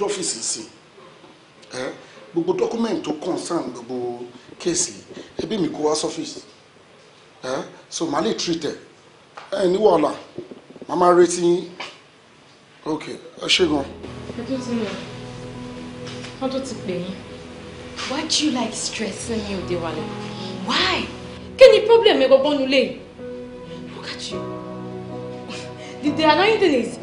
dọ́fíìsì sí gbogbo dọ́kúmẹ̀ntì tó concern gbogbo kéèsì ẹbí mi kó wá sọ́fíìsì so màá lè treat ẹ ẹ ní wàhálà màá máa retí yín ok ẹ ṣe gan. ẹ tó ti lọ wọn tó ti pè yín why do you like stressing me òde wàlẹ why kí ni problem ẹ gbọgbọ́n nulẹ̀ look at you the, the annoying thing is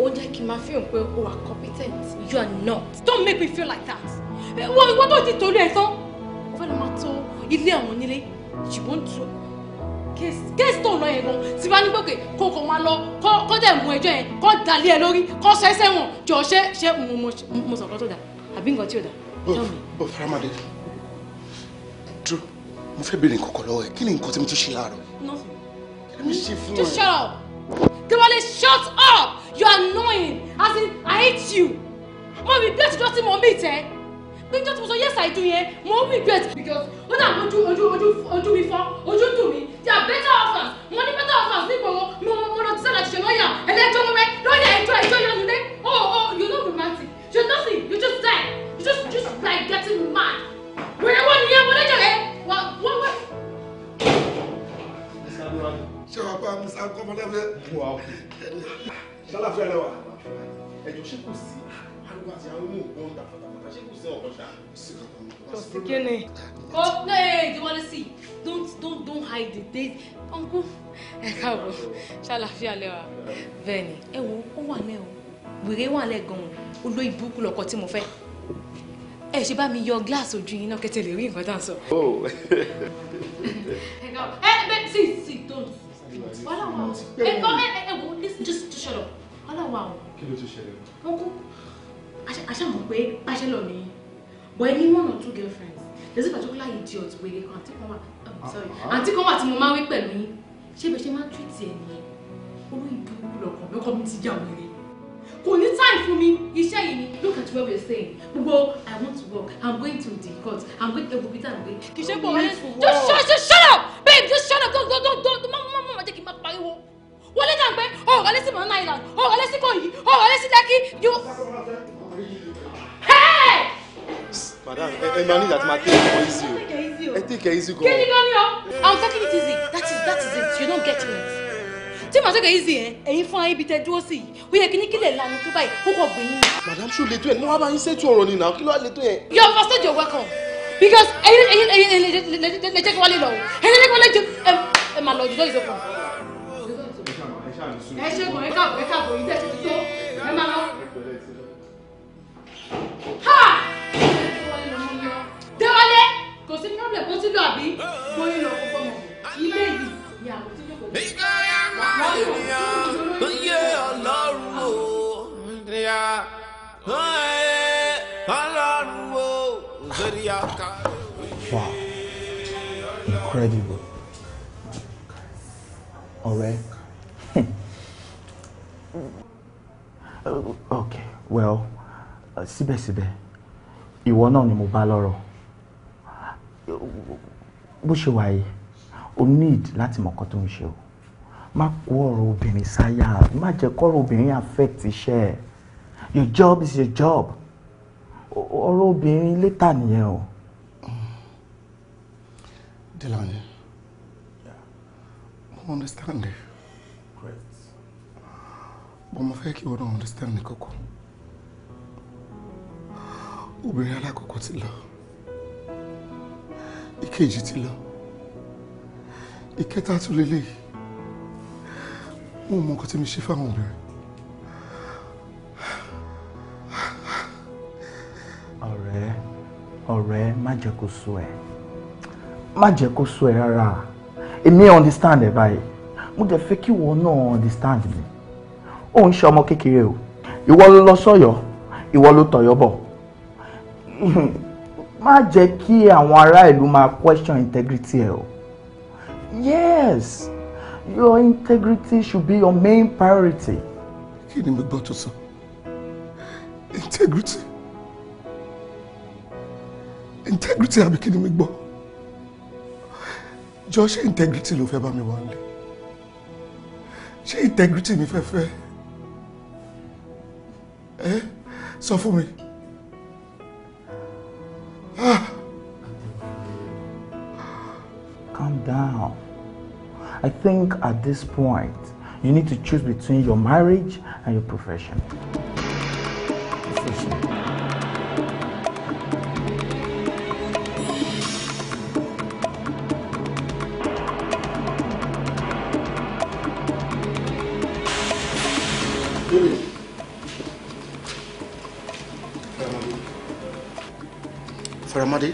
ó jẹ́ kí n máa o are competent you are not don't make me feel like that eh, wọ́n ìwọ́n tó ti torí ẹ̀ tán o fẹ́ lọ máa tó ilé àwọn onílé ṣùgbọ́n tó to? tó ń lọ yẹn gan tí bá ní pé kó kó máa lọ kó dẹ̀ mú ẹjọ́ yẹn kó dalẹ̀ ẹ lórí kó sọ ẹsẹ̀ wọn jọ ṣé ṣé mo sọ̀rọ̀ tó dà àbí nǹkan tí ò dà. bó faramade dúró mo fẹ́ béèrè nǹkan kan lọ́wọ́ ẹ kí ni nǹkan tí mo tún ṣe àárọ̀. nothing. let me see for ẹ. just shut up. Come on, lè shut up you are annoying as in i hate you Mom, we ọjọ́ tí mo meet ẹ pé ọjọ́ tí mo yes i do mom, we regret because ó dà ojú ojú ojú ojú mi fọ́ ojú dùn me. there are better offers money, better offers nígbà wo mo mo lọ sísẹ́ láti ṣe lọ́ọ̀yà ẹlẹ́jọ́ wẹ́wẹ́ lọ́ọ̀yà ẹjọ́ ẹjọ́ yọ̀nùdé oh oh you no romantic you nothing you just die you just just like getting mad wẹ́rẹ́ wọ́n ní ẹ̀wọ̀n lẹ́jọ̀ rẹ̀ wọ́n wọ́n wọ́n. ṣé wàá bá musa kọ́mọlẹ́fẹ́ ṣàlàfẹ́ rẹ wà ẹjọ́ ṣé kò sí ariwo àti àwọn ohun ògbọ́n tàfàtàfàtà ṣé kò sí ọ̀kan ṣá. kòsì kíni. kò ní ìdíwọ́lé sí i don't don't don't hide the date ọ̀nkú ẹ káàbọ̀ ṣàlàfẹ́ alẹ́ wa bẹ́ẹ̀ ni ẹ wo ó wà lẹ́ o wèrè wà lẹ́ gan-an olóyè burúkú lọkọ tí mo fẹ́ ẹ ṣe bá mi yọ gíláàsì ojú yín náà kẹtẹ lè rí nǹkan tá à ń sọ. Oh. ẹ káàbọ̀ bẹ́ẹ̀ sì sì don't wàhálà wà ẹ gbọ́ ẹ ẹ wo listen just just shut up wàhálà wà o. kí ló tún ṣẹlẹ̀. wọn kú aṣàmọ̀ pé bachelor ni but any one or two girlfriends there's a particular idiot wèrè kan àti kan wà sorry àti kan wà mo máa wí pẹ̀lú yín ṣé bẹ́ẹ̀ ṣe máa treat ẹ̀ nìyẹn olú ìdúró lọ́kàn lọ́kàn mi ti já wèrè kò ní time fún mi iṣẹ́ yìí ni look at what we are saying gbogbo i want to work i'm going to the court i'm going to the hospital i'm going to. kì í ṣe pé òun yẹn just shut just shut up babe just shut up don't don't don't don't má má má jẹ́ kí n má pariwo wọlé jà ń pẹ́ ọ̀rọ̀ lẹ́sìn mọ̀ náà ìlànà ọ̀rọ̀ lẹ́sìn kò yìí ọ̀rọ̀ lẹ́sìn lẹ́kì yóò. madam ẹ máa ní ìdàtí máa tẹ ẹ easy o ẹ take it easy gan. kí ni gan ni o i'm talking it easy that is that is it you don't get me tí màá sọ̀kè easy yẹn if I ayébi tẹ dúró we yìí ó yẹ kí ní kílẹ̀ lanu tó báyìí kó kọ̀ gbẹ̀yìn. madam should le tó yẹn ní wàá bá yín ṣètò ọ̀rọ̀ ni náà kí ló wàá le you're welcome because ẹyin ẹyin ẹyin ẹyin lè jẹ́ kí wọ́n lè lọ o ẹyin lè kí wọ́n lè jẹ ẹ máa lọ jùlọ ìṣòkan. ẹ ṣègùn ẹ káàbọ̀ ẹ káàbọ̀ yìí tẹ̀ ti tó ẹ máa lọ. ha déwálé kò sí problem kó sí lọ àbí kó yín lọ kó fọmọ ilé yìí ni àwọn tí yóò kọ. ìgbà yà máa ń yọ ọ yé ọlọ́run o. credible ọ̀rẹ́. ok well sibe ìwọ náà ni mo bá lọ́rọ̀ bó ṣe wà yìí o need lati mọ̀ nǹkan tó ń ṣe o má kó ọ̀rọ̀ obìnrin sáyà má jẹ́ kọ́rọ̀ obìnrin affect iṣẹ́ your job is your job ọ̀rọ̀ obìnrin létà nìyẹn o. Delanye, yeah. mo understand. Great. But mo fẹ́ kí o náà understand kókó. Obìnrin alákọ̀ọ́kọ́ ti lọ. Ìkejì ti lọ. Ìkẹta tún lélẹ́yìí. Mo mọ nǹkan tí mi ṣe fáwọn obìnrin. ọ̀rẹ́ ọ̀rẹ́ má jẹ́ kó sú ẹ má jẹ́ kó sú ẹ rárá èmi understand ẹ báyìí mo dẹ̀ fẹ́ kí ìwọ náà understand mi ó ń ṣe ọmọ kékeré o ìwọ ló lọ sọ́yọ́ ìwọ ló tọ̀yọ́ bọ̀ má jẹ́ kí àwọn ará ìlú máa question integrity ẹ o yes your integrity should be your main priority. kí ni mo gbọ́ tó sọ integrity integrity àbí kí ni mo gbọ́ jọ ṣé integrity ló fẹ́ bá mi wá lé ṣé integrity mi fẹ́ fẹ́ ẹ sọ fún mi. Ah! Calm down. I think at this point, you need to choose between your marriage and your profession. Profession. ọmọdé.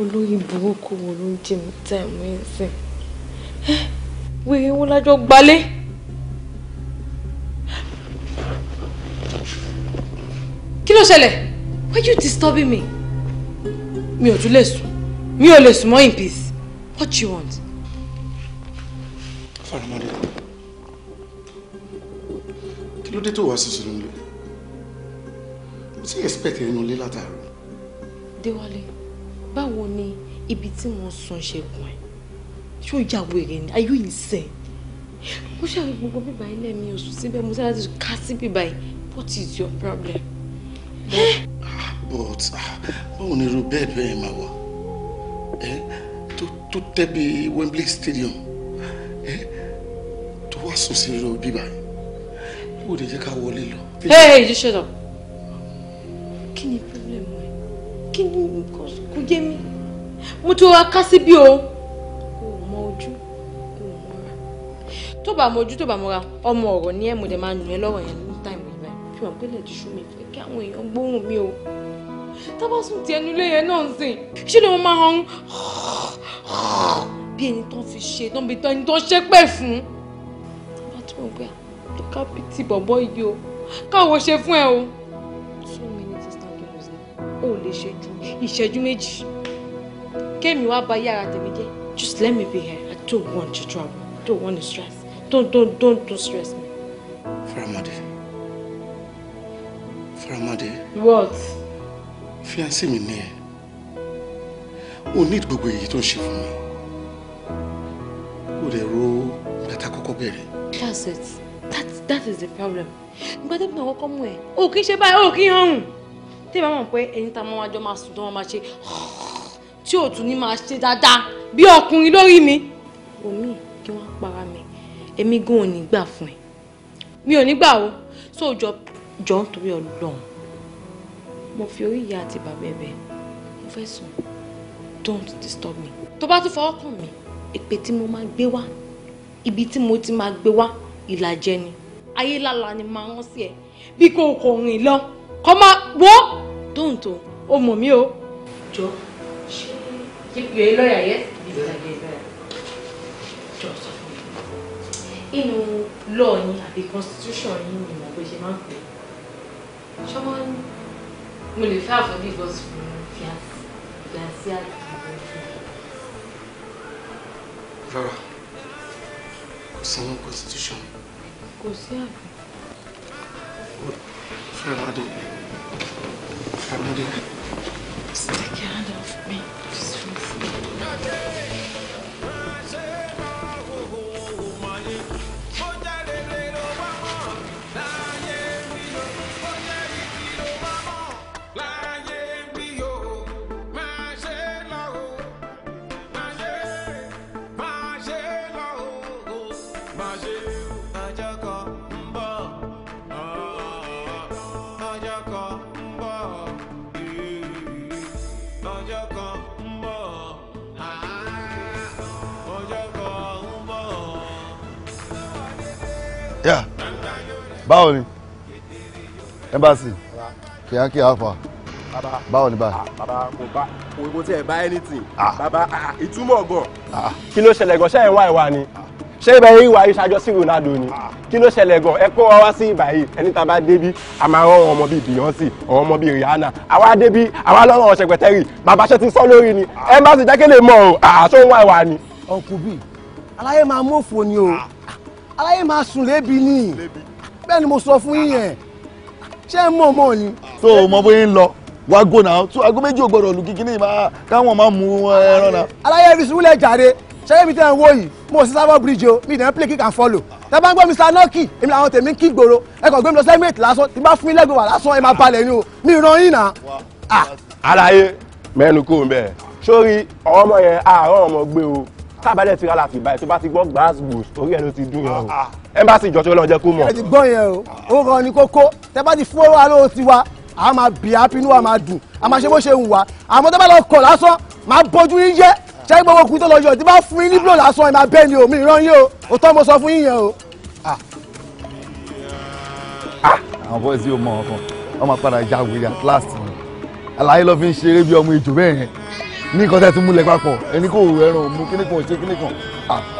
olórí burúkú wo ló ń jẹ mí táìmù ẹ̀ sìn wèrè wọn lájọ gbalé. kí ló ṣẹlẹ̀ why you disturbing me? mi ò tún lè sùn mi ò lè sùn mọ́ in peace what you want? faramade kí ló dé tó wá sí tí expect ẹnu lé látàrí. Déwálé, báwo ni ibi tí wọ́n sun ṣẹ̀kùn ẹ̀? Ṣé ó yà wèrè ni? Are you insane? Mo ṣàrí gbogbo bíbá ilé mi oṣù síbẹ̀ mo sáré ká sí bíbá yìí. What is your problem? But báwo ni irú bẹ́ẹ̀ bẹ́ẹ̀ máa wà? Tó tẹ́bi Wembley Stadium tó wá sùn sí irú bíbá yìí. Yóò lè jẹ́ ká wọlé lọ. Hey, you shut up kí ni problem ẹ kí ni kò yé mi mo ti wá ká sí bí o kò mọ ojú kò mọra tó bá mọ ojú tó bá mọra ọmọ ọ̀rọ̀ ni ẹ mo dẹ̀ máa nù ẹ lọ́rọ̀ yẹn ní táìmù ìgbà fi hàn pé lẹ́ẹ̀dì ṣú mi fẹ́ kí àwọn èèyàn gbóhùn mi o tábàsùn ti ẹnu ilé yẹn náà ń sìn ṣé ni mo máa hàn bí ẹni tó fi ṣe tó ń bi ẹni tó ṣe pẹ̀ fún bá tí mo gbé ká bí ti bọ̀bọ̀ yìí o káwo ṣe fún ẹ o ò lè ṣe ju méjì kémi wá bà yàrá tèmi jẹ́. just let me be here i don't want to trouble i don't want to stress don't don't don't don't stress me. faramade faramade. what. fiancé mi ni ẹ o ní gbogbo èyí tó ń ṣe fún mi o lè ro bàtà kọ́kọ́ bẹ̀rẹ̀. that's it that that is the problem gbàdúgbò àwọn kọ́kọ́ mú ẹ o kì í ṣe báyìí o kì í hàn tí ìbá mọ̀ pé ẹni tá a máa jọ máa sùn tó máa ṣe tí ò tún ní máa ṣe dáadáa bí ọkùnrin lórí mi omi kí wọ́n para mi èmi gan ò ní gbà fún ẹ mi ò ní gbà o so jọ jọ nítorí Ọlọ́run mo fi orí ìyá àti bàbá ẹ mo fẹ́ sùn don't disturb me tó bá tún fọwọ́ kàn mí èpè tí mo máa gbé wá ibi tí mo ti máa gbé wá ìlàjẹ ni ayé lálá ni máa rán sí ẹ bí kò kò rìn lọ kọ́ máa wo tóǹtò o mọ̀ mí o. jọ ṣe yọ ẹ lọ́ọ̀yà yẹ bíbí ìlànà ẹ lọ́ọ̀yà jọ sọ fún mi inú law yín àbí constitution yín ni mo gbé ṣe máa ń pè é ṣọmọ mo lè fẹ́ àfọ́jú ìbọ̀sùn fún fiancé àti Rárá, kò sí inú constitution. Kò sí àbí. Ramadi. Ramadi. Just take your hand off me. Just release me. báwo ni embassy kíákíá fà báwo ni báyìí. Ah, bàbá mo bá mo tiẹ̀ bá anything ah. bàbá ah, ìtumọ̀ gan. kí ló ṣẹlẹ̀ gan ṣé ẹ̀ ń wá ìwà ni ṣé ibà yìí wà ìṣàjọ sí Ronaldo ni kí ló ṣẹlẹ̀ gan ẹ kó wa wá sí ibà yìí ẹni tá a bá débi a máa rán ọmọ bíi Beyonce ọmọ bíi Rihanna àwa débi àwa lọ́rọ̀ ọ̀ṣẹ̀gbẹ̀tẹ̀rì bàbá ṣe ti sọ lórí ni embassy jákèlè mọ́ o àṣọ ń wá ìwà ni. ọkùnrin aláyé máa mú ni o aláyé máa sùn lébi ni. lébi bẹ́ẹ̀ ni mo sọ fún yín yẹn ṣé ń mọ̀ mọ̀ ni. tó o mọ bóyá ń lọ wàá gò náà tó aago méjì ò gbọdọ̀ lù kíkí ní ìmọ̀ káwọn máa mú eh, ẹran náà. aláyẹ fi sùúrù lẹ jàre ṣẹlẹ mi tẹ ẹ wò yìí mo sì sábà bíríjì o mi ìdẹ́n play kick and follow tẹ bá ń gbọ́ mr nọ́ọ̀kì èmi làwọn tèmi ń kí gbòòrò ẹ kàn gbé mi lọ sẹ́mẹ̀t lásán tí bá fún ilé gbòòrò lásán ẹ máa balẹ̀ ni o mi ràn yín nà. Ah. aláyé mẹ́nu kò ń bẹ̀ sórí ọmọ yẹn àárọ̀ ọmọ gbé o tábàlẹ̀ ti rálá fìbá ẹ̀ tó bá ti gbọ́ gbàásù orí ẹ̀ ló ti dúró ọ̀hún ẹ̀mbáṣì ah, ah. ìjọ tí ó lọ́ọ́ jẹ́ kó mọ̀. ẹ ti gbọ́ yẹn o òun kàn kókó tẹ bá ti fún owó alówó tiwa a máa bì á pinnu wa máa dùn a máa ṣe bó ṣe ń wà àmọ́ tó bá lọ kọ̀ lásán máa bójú yín jẹ́ ṣé gbogbo kùtò lọ yọ̀ tí bá fún yín ní blow lásán ẹ̀ máa bẹ́ẹ̀ ni omi ìran yín o òótọ́ mo sọ fún yín yẹn o. Ah. àwọn bọ́ọ̀sì ní nǹkan tẹ́ tún múlẹ̀ papọ̀ ẹni kò ẹran òmu kíní kan ṣe kíní kan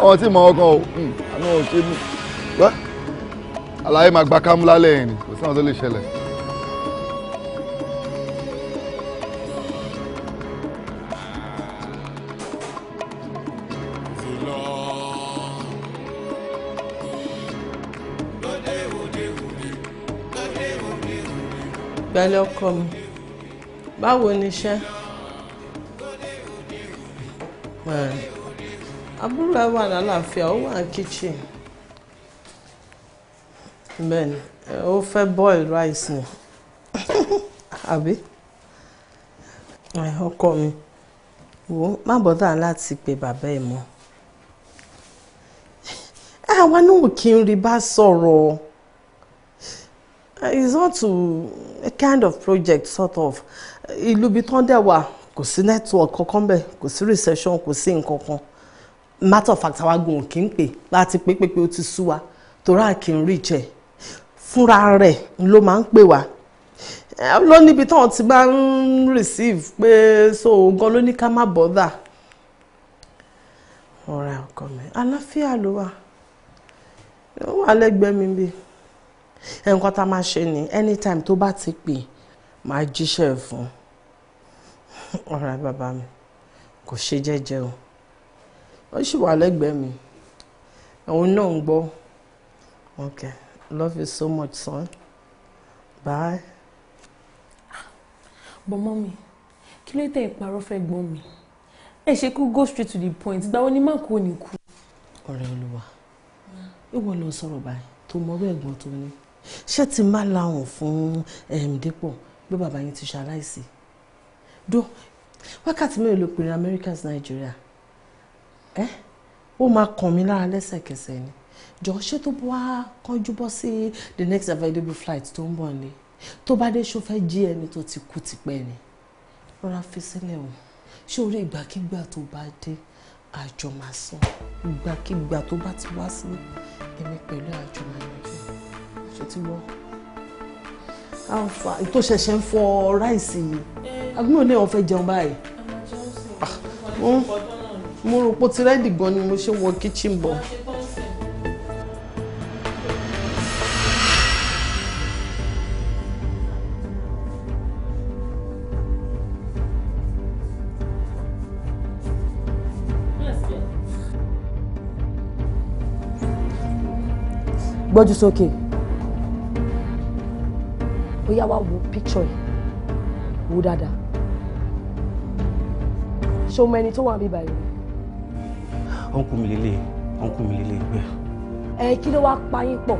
ọ̀hún tí mọ̀ ọkàn o hmm, àná ò ṣe mí àlàyé máa gba kámúlá lẹ́yìn ni kò sí tó lè ṣẹlẹ̀. pẹ̀lú ọkọ mi báwo ni iṣẹ́ àbúrò ẹ wà lálàáfíà ó wà ní kitchen bẹ́ẹ̀ni ó fẹ́ boil rice ni àbí ọkọ mi wò ó má bọ́dà láti pe bàbá ẹ̀ mọ́ àwa náà kì í rí bá sọ̀rọ̀ it's not a kind of project sort of ìlú ibi tán dẹ̀ wà kò sí network kankan bẹ́ẹ̀ kò sí reception kò sí nǹkan kan matter of fact àwa gùn kì í pè láti pé pé pé ó ti sú wa torí à kì í rí jẹ fúnra rẹ̀ ló máa ń pè wá ló níbi táwọn ti máa ń receive pé so gan ló ní ká má bọ́dà ọ̀rẹ́ ọkọ mi aláfíà ló wà ó wà lẹ́gbẹ̀ẹ́ mi bí nǹkan tá a máa ṣe ni anytime tó bá ti pè máa jíṣẹ́ fún un. ọ̀rẹ́ bàbá mi kò ṣe jẹ́jẹ́ o ó sì wà lẹ́gbẹ̀ẹ́ mi òun náà ń gbọ́ okay love you so much son bye. but mommy kí ló tẹ ìparọ́ fẹ́ gbọ́n mi ẹ ṣe kú go straight to the point gbàwo ni má kú òní kú. ọ̀rẹ́ olúwa hmm. ìwọ ló sọ̀rọ̀ báyìí tó mọ ọ̀rẹ́ ẹ̀gbọ́n tó ní ṣé ti má lahùn fún Dípò bí bàbá yín ti ṣaláìsí. Do, wákàtí mélòó ló pè ní Americans Nigeria ẹ ó máa kàn mí lára lẹ́sẹ̀kẹsẹ̀ ni jọ ṣé tó bá kánjú bọ́ sí the next available flight tó ń bọ̀ ni tó bá dé ṣó fẹ́ jí ẹni tó ti kú tipẹ́ ni rọra fi sílẹ̀ o ṣé orí ìgbàkigbà tó bá dé àjọ máa san ìgbàkigbà tó bá ti wá sí èmi pẹ̀lú àjọ ṣe ti wọ́n àǹfà tó ṣẹ̀ṣẹ̀ ń fọ ráìsì yìí agbóhùn náà fẹ́ jẹun báyìí. Ah. mo rò pé ó ti rẹ́dì gan ni mo ṣe wọ kíchìn bọ̀. gbójú sókè. Okay ó yá wá wo picture yìí wò dáadáa ṣé o mọ ẹni tó wà bíbá yìí. ọ̀nkú mi lélẹ̀ ọ̀nkú mi lélẹ̀ gbẹ. ẹ kí ló wá pa yín pọ̀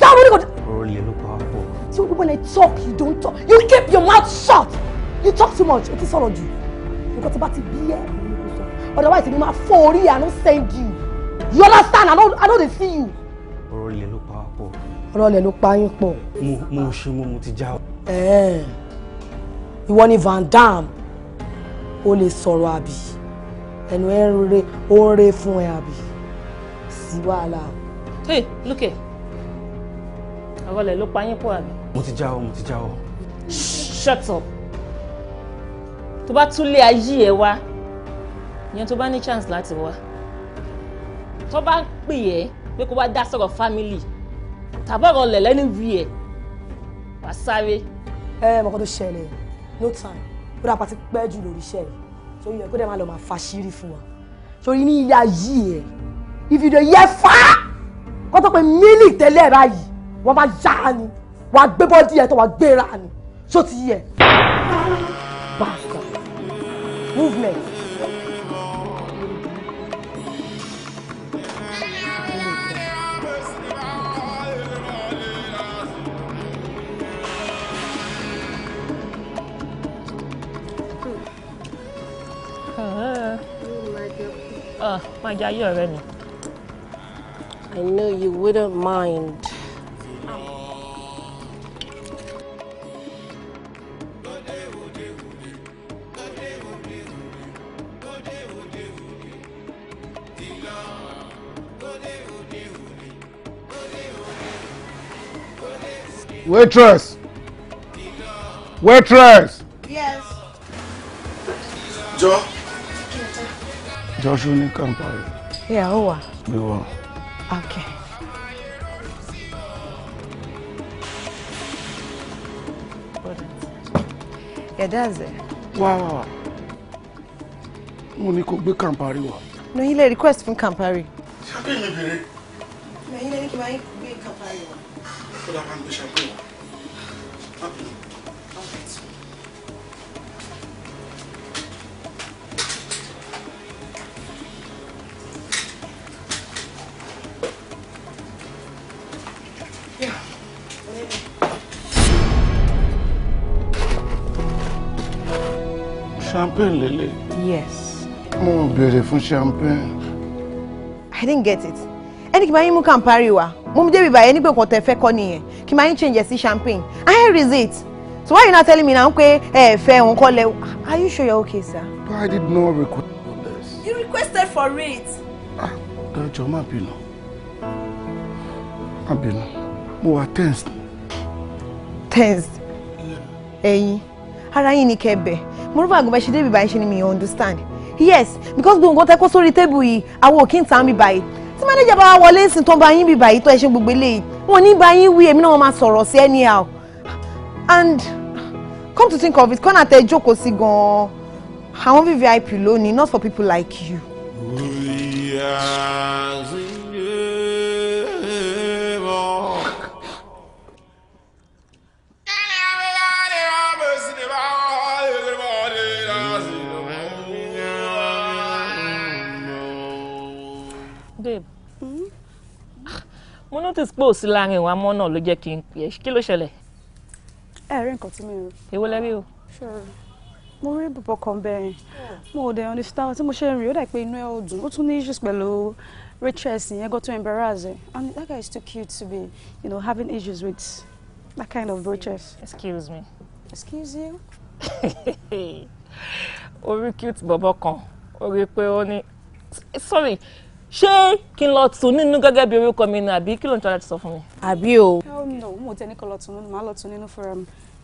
sáwọn oníkọ̀ọ́. ọ̀rọ̀ ilé ló pa pọ̀. see when I talk you don't talk you keep your mouth shut you talk too much o ti sọ̀rọ̀ jù nǹkan tí bá ti bí ẹ̀ ní kò sọ otherwise èmi máa fọ́ orí I no send you you understand I no I no dey see you. ọ̀rọ̀ ilé ló pa pọ̀ ọlọ́lẹ̀ ló pa yín pọ̀. mo mo ṣe mo mo ti já o. ìwọ ni Van Dam o lè sọ̀rọ̀ àbí ẹnu ẹ̀ ń re ó ń re fún ẹ àbí sí wàhálà. hey lókè ọlọ́lẹ̀ ló pa pọ̀ àbí. mo ti já o mo ti já o. shut up tó bá tún lé ayé ẹ wá ìyẹn tó bá ní chance láti wá tó bá pè ẹ́ pé kó wá dá sọ̀rọ̀ family tàbọ̀rọ̀ lẹ̀ lẹ́nu wí ẹ̀ wá sáré. ẹ ẹ mọ̀kọ́ tó ṣẹlẹ̀ no time ó dà pàtí pẹ́ jù lórí iṣẹ́ yìí tó yẹ kó dẹ̀ máa lọ máa faṣírí fún wa torí ní ilé ayé ẹ̀ ìfìdó yẹ fá kó tó pé mílì tẹ́lẹ̀ báyìí wọ́n máa yá ni wàá gbé bọ́ọ̀dì ẹ̀ tó wàá gbéra ni só ti yẹ. movement. My jẹ ayé ọ̀rẹ́ mi. I know you wouldn't mind. Waitress. Waitress. Yes. Joe. Joshua ní Kampala. Yeah, ó wà. Mi wà. Okay. Ẹ̀dáàzẹ̀. Wá wá wá. Mo ní kó gbé Kampari wá. No, ilé request fún Kampari. Ṣé ìyẹn bèrè? No, ilé ní kí n máa gbé Kampari wá. Ó dàgbà ń gbé ṣàpè wá. Champagne, Lily. Yes. Mo beautiful champagne. I didn't get it. Ẹni kì máa yín mú Campari wá. Mo mú débi báyẹn nígbà kan tẹ fẹ́ kọ́ change sí champagne. I heard is it. So why you not telling me now pé eh, fẹ́ òun kọ́ Are you sure you're okay, sir? But I did not request this. You requested for it. Ah, Dọ́jọ́ má bínú. Má bínú mo wà tense. tense ẹ̀yin ara yín ni kẹbẹ mo rúbà àgùnbẹ ṣe débi báyìí ṣe ni mi understand yes because gbogbo nǹkan tẹ kó sórí tébù yìí àwọn òkè ń tàn bí báyìí tí manager bá wa wọlé sí tó ń bá yín bí báyìí tó ẹ ṣe gbogbo eléyìí wọn ní bá wí èmi náà wọn máa sọ̀rọ̀ sí anyhow and come to think of it kọ́nà tẹ jókòó sí gan-an àwọn vvip lónìí not for people like you. notice pé òsì láàrin ìwà mọ́ náà ló jẹ́ kí n pè é kí ló ṣẹlẹ̀. ẹ rí nǹkan tí mi rò. èwo lẹ́rí o. mo rí bọ̀bọ̀ kan bẹ́ẹ̀ mo ò dẹ̀ understand tí mo ṣe ń rìn ó dà pé inú ẹ̀ ò dùn ó tún ní issues pẹ̀lú waitress yẹn go to embarrass ẹ̀ and that guy is too cute to be you know, having issues with that kind of waitress. excuse me. excuse you. orí cute bọ̀bọ̀ kan orí pé ó ní sorry ṣé kí n lọ tún nínú gẹ́gẹ́ bí orúkọ mi ni àbí kí ló ń tọ́ra ti sọ fún mi. àbí o.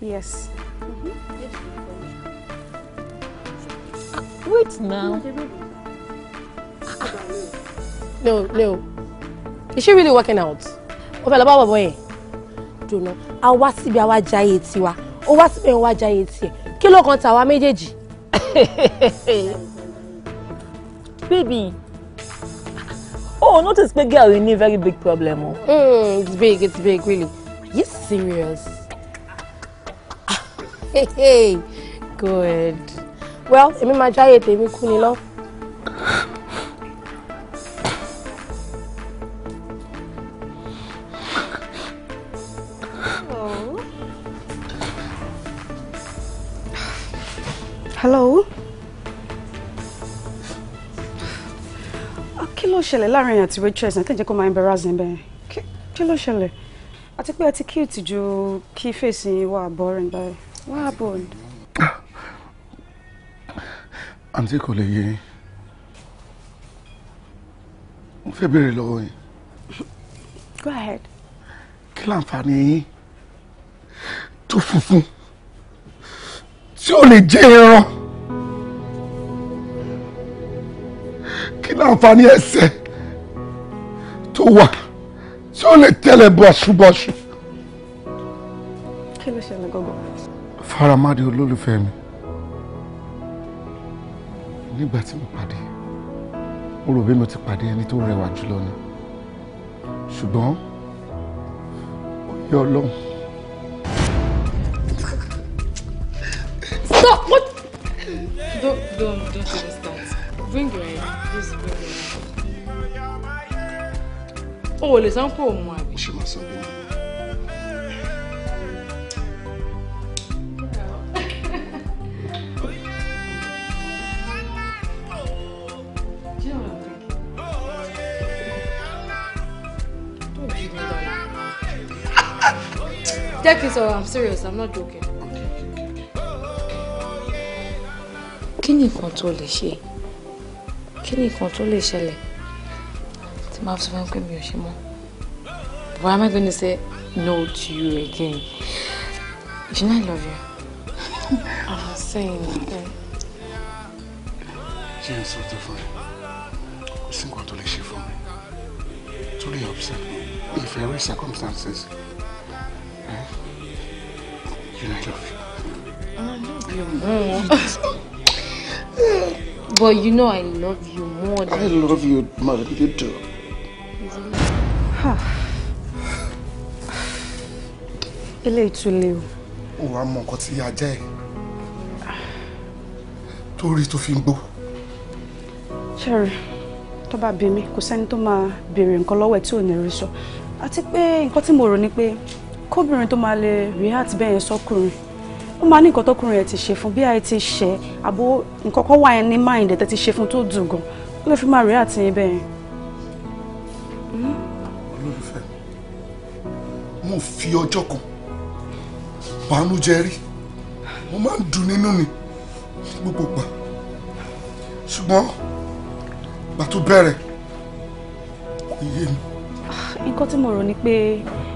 yes. Mm-hmm. wait now. leo leo is she really working out. o fẹ́ lọ bá bọ̀bọ̀ yẹn dùnú a wá síbi àwa jayé tiwa ó wá síbi àwa jayé tiẹ̀ kí ló kan tàwa méjèèjì. baby Oh, notice pé girl yìí need very big problem Oh. Mm, it's big, it's big, really. Are you serious? Ah, hey, hey, good. Well, èmi máa jáyè tèmi kú ni lọ. Hello. ṣẹlẹ̀ láàrin àti waitress náà tẹ̀jẹ́ kó máa embarrassing bẹ́ẹ̀ kí ló ṣẹlẹ̀ àti pé àti cute ju kí fèsì wà boring báyìí what ah! happened. àǹtí kò lè yé yín mo fẹ́ béèrè lọ́wọ́ yín. go ahead. kí láǹfààní yín tó funfun tí ò lè jẹ́ ẹran kí láǹfààní ẹsẹ̀ tó wà tí ó lè tẹ́lẹ̀ báṣubàṣu. kí ló ṣẹlẹ̀ gọ́gọ́. faramade olólùfẹ́ mi nígbà tí mo pàdé mo rò bí mo ti pàdé ẹni tó rẹwà jùlọ ni ṣùgbọ́n ó yẹ ọlọ́run. Stop! Don't, don't, don't do this, Dad. Bring your head. Just bring your it o ò lè san kó o mu àbí. mo ṣe máa san bí mo. Take this or I'm serious, I'm not joking. Kí ni nǹkan tó lè ṣe? Kí ni nǹkan tó lè ṣẹlẹ̀? tí máa sọ fún pé mi ò ṣe mọ́ why am I going to say no to you again you know I love you I'm not saying nothing. ṣé n sọ tó fún ẹ kò sí nǹkan tó lè upset me in very circumstances eh? you know I love you. I love you more. but you know I love you more than I love you more than you do. ilé ìtúlẹ̀ o. ó wàá mọ nǹkan tí a jẹ́ torí tó fi ń gbó. Cherry tó bá bí mi kò sẹ́ni tó máa béèrè nǹkan lọ́wọ́ ẹ̀ tí ò ní rí sọ àti pé nǹkan tí mo rò ni pé kóbìnrin tó máa lè react bẹ́ẹ̀ yẹn sọ́kùnrin ó máa ní nǹkan tọkùnrin ẹ̀ ti ṣe fún bí àì ti ṣe àbó nǹkan kan wà yẹn ní mind ẹ̀ ti ṣe fún tó dùn gan ó lè fi máa react yẹn bẹ́ẹ̀ yẹn. olólùfẹ́ mo fi ọjọ́ kan bànújẹ́ rí mo máa ń dùn nínú mi ní gbogbo gbà ṣùgbọ́n gbà tó bẹ̀rẹ̀ iye mi. nǹkan tí mo rò ni pé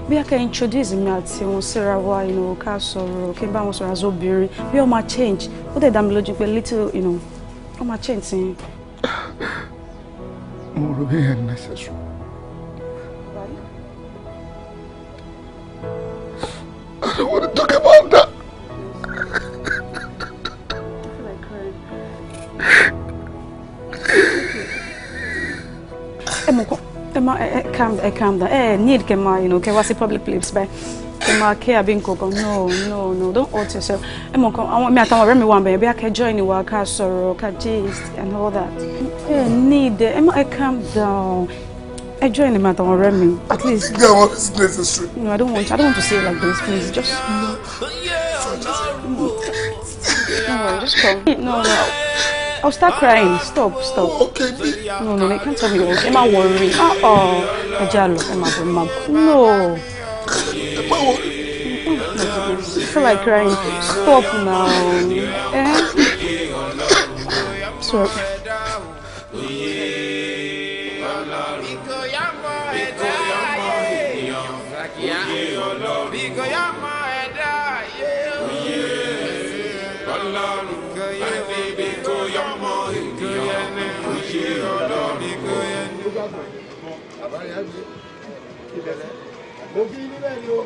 bí a kẹ́ introduce mi àti wọn síra wa ìnáwó ká sọ̀rọ̀ kí n bá wọn sọ̀rọ̀ àti bí wọ́n máa change ó dẹ̀ dá mi lójú pé little you know, wọ́n máa change sí i. mo rò bí ẹ̀ necessary. uh, calm, uh, calm down. Eh, need kema, you know, kema si public place, but kema care bin koko. No, no, no, don't hurt yourself. Emo eh, kom, I want me at our remi one, baby. I can join you, I can sorrow, I can gist, and all that. Eh, need, emo, eh, eh, calm down. I join him at our remi. At least. Yeah, well, it's necessary. No, I don't want. I don't want to say it like this, please. Just. No. Just, no, just come. No, no. Oh, stop crying. Stop, stop. Okay, please. No, no, you can't tell me. Am I worry. Uh oh. I'm lọ. Ẹ má No. I feel like crying. Stop now. Eh? Sorry. mo kí níbẹ̀ ni o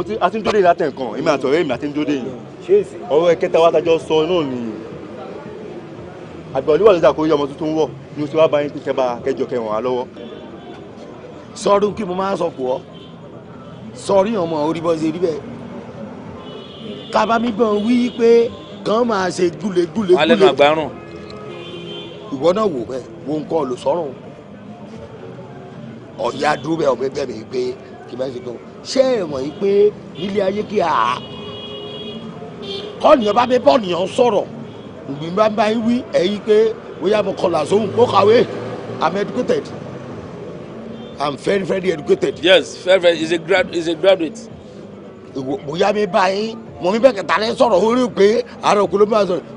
ó ti a ti ń dóde látẹ̀ nǹkan èmi àtọ̀rẹ́ mi àti ń dóde yìí ọ̀rọ̀ ẹ̀kẹta wa tajọ sọ náà nìyí àgbà olúwa ló kó yẹ ọmọ tuntun wọ̀ ni o ti wá bá kíkẹ́ bá kẹjọ kẹrùn án lọ́wọ́. sọdún kí mo máa sọ pọ̀ sọrí ọmọ orí rí bẹ́ẹ̀ kábàámi wí pé kàn máa ṣe gúlegúlegúle. alẹ́ nù àgbárùn ìwọ náà wò bẹ́ẹ̀ wo nǹkan ọ̀lù sọ́rùn ọ̀yà dúró bẹ́ẹ̀ ọ̀bẹ bẹ́ẹ̀ mi pé kí bá ṣe kí n ṣe mọ̀ yìí pé nílé ayé kí a kọ́nìyàn bá bẹ bọ́ọ̀nìyàn sọ̀rọ̀ òbí bá bá yín wí ẹ̀yìn pé bóyá mo kọlà sóhun mo kàwé I'm educated I'm very very educated. Yes, very very is a grad is a graduate. bóyá mi bá yín mọ mi bẹ́ẹ̀ kẹta rẹ sọ̀rọ̀ ó rí pé àárọ̀ kó ló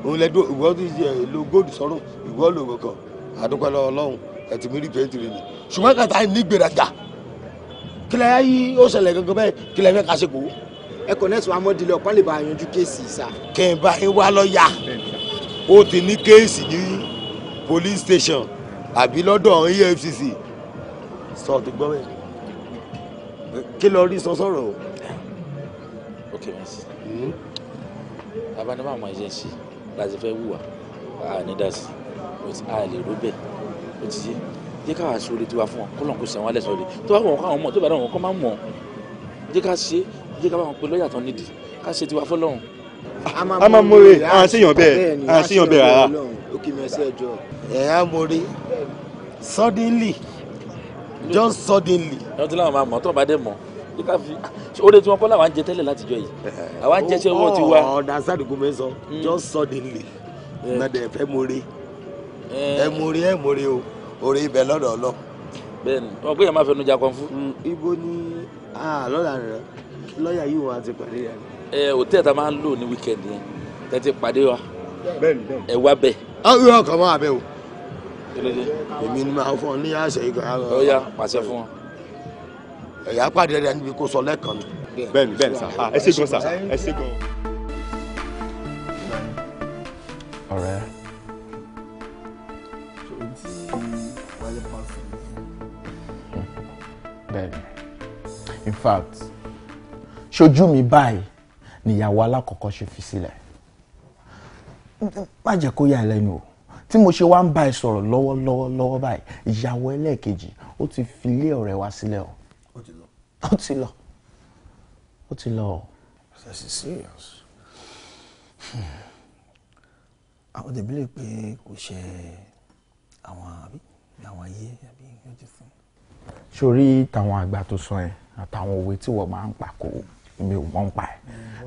òun lẹ́dọ̀ ìwọ́n ti eh, lo gold sọ̀rọ̀ góòlù òwò kan àdúpẹ́ lọ́wọ́ ọlọ́run ẹ̀tì mi rí twenty rẹ̀ ni ṣùgbọ́n kàtà ní gbèrágà kílẹ̀ ayé ó ṣẹlẹ̀ gangan bẹ́ẹ̀ kílẹ̀ fẹ́ kásìkò. ẹ kò nẹ́sùn amọ́dílé ọ̀kan lè bá a yanjú kéèsì sá. kẹ̀ǹbà yín wá lọ́ọ̀yà ó ti ní kéèsì ní police station àbí lọ́dọ̀ EFCC sọ ti gbọ́ bẹ́ẹ̀ kí lọ rí sọ sọ̀rọ̀ o. ok merci. abanimọ̀ àmọ́ ẹ̀jẹ̀ ń ṣe láti fẹ́ wù wá àní dá sí i a lè ró bẹ́ẹ̀ ó ti ká wàá tiwa fún ọ kó lọ́n kó sẹ́wọ́n alẹ́ sọ̀rọ̀ tó bá wọn káwọn mọ̀ tó bá wọn kọ́ máa mọ̀ jẹ́ ká ṣe jẹ́ ká bá wọn pe lọ́yà tán nídìí ká ṣe tiwa fọlọ́run. a máa mọ̀re à ń ṣèyàn bẹ́ẹ̀ à ń ṣèyàn bẹ́ẹ̀ rárá. ẹ̀ á mọ̀re suddenly just suddenly. ẹ̀rọ tí láwọn máa mọ̀ tó bá dẹ̀ mọ̀ jẹ́ ká fi oore tí wọ́n kọ́ làwọn jẹ tẹ́lẹ̀ látijọ́ yìí àwọn jẹ́ ṣe wọ́n ti wá. ọ̀dà sádùkú mẹ́sàn-án just suddenly. Eh. ẹ mú o orí ibẹ̀ lọ́dọ̀ ọlọ. bẹ́ẹ̀ni wọn pé ya máa fẹnu jà fún. Hmm, ibo ni ah, yìí wọn pàdé ẹ ta máa ń lò ní wíkẹ̀ndì yẹn pàdé wa ẹ wá ah, bẹ́ẹ̀. ọ̀hún máa o èmi ni máa fọ ní àṣẹ ìgbà. fún pàdé níbi kó sọ ni. bẹ́ẹ̀ni bẹ́ẹ̀ni sà ah, ẹ ṣe gan sà ẹ ṣe fact ṣojú mi báyìí níyàwó alákọ̀ọ́kọ́ ṣe fi sílẹ̀ má jẹ́ kó yà ẹ́ lẹ́nu o tí mo ṣe wá ń bá ẹ sọ̀rọ̀ lọ́wọ́lọ́wọ́ lọ́wọ́ báyìí ìyàwó ẹlẹ́ẹ̀kejì ó ti fi ọ̀rẹ́ wa sílẹ̀ o ó ti lọ ó ti lọ o. this is serious. Hmm. àwọn òdèbí lè pé kò ṣe àwọn àbí àwọn ayé àbí ẹjọ́ fún. sórí tàwọn àgbà tó sọ yẹn àtàwọn òwe tí wọ́n máa ń pa kò mi ò mọ̀ ń pa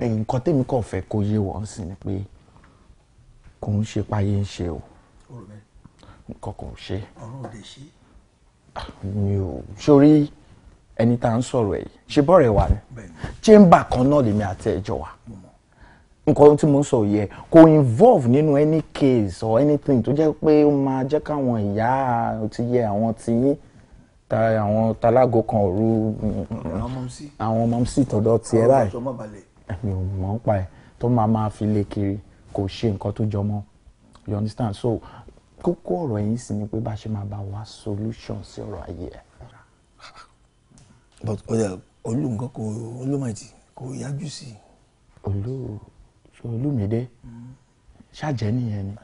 ẹ̀ nǹkan tèmi kàn fẹ́ kó yé wọ́n sí ni pé kò ń ṣe páyé ń ṣe o nǹkan kò ṣe ah, mi ò sórí ẹni tá à ń sọ̀rọ̀ ẹ̀ ṣe bọ́ọ̀rẹ̀ wa ni chamber kan náà lèmi àti ẹ̀jọ̀ wa nǹkan tí mo ń sọ yẹ kò involve nínú any case or anything tó jẹ́ pé ó máa jẹ́ káwọn ìyá ti yẹ àwọn ti ta àwọn talágo kan òru àwọn mọ̀mísì tọ̀dọ̀ tiẹ̀ báyìí mi ò mọ̀ ń pa ẹ̀ tó máa máa fi lé kiri kò ṣe nǹkan tó jọmọ́ you understand so kókó ọ̀rọ̀ yìí sì ni pé bá a ṣe máa bá wa solution sí ọ̀rọ̀ ayé ẹ̀. but olùkọ́ kò olùmọ̀tì kò yájú sí i. olú olùmídé ṣàjẹ́ nìyẹn ni.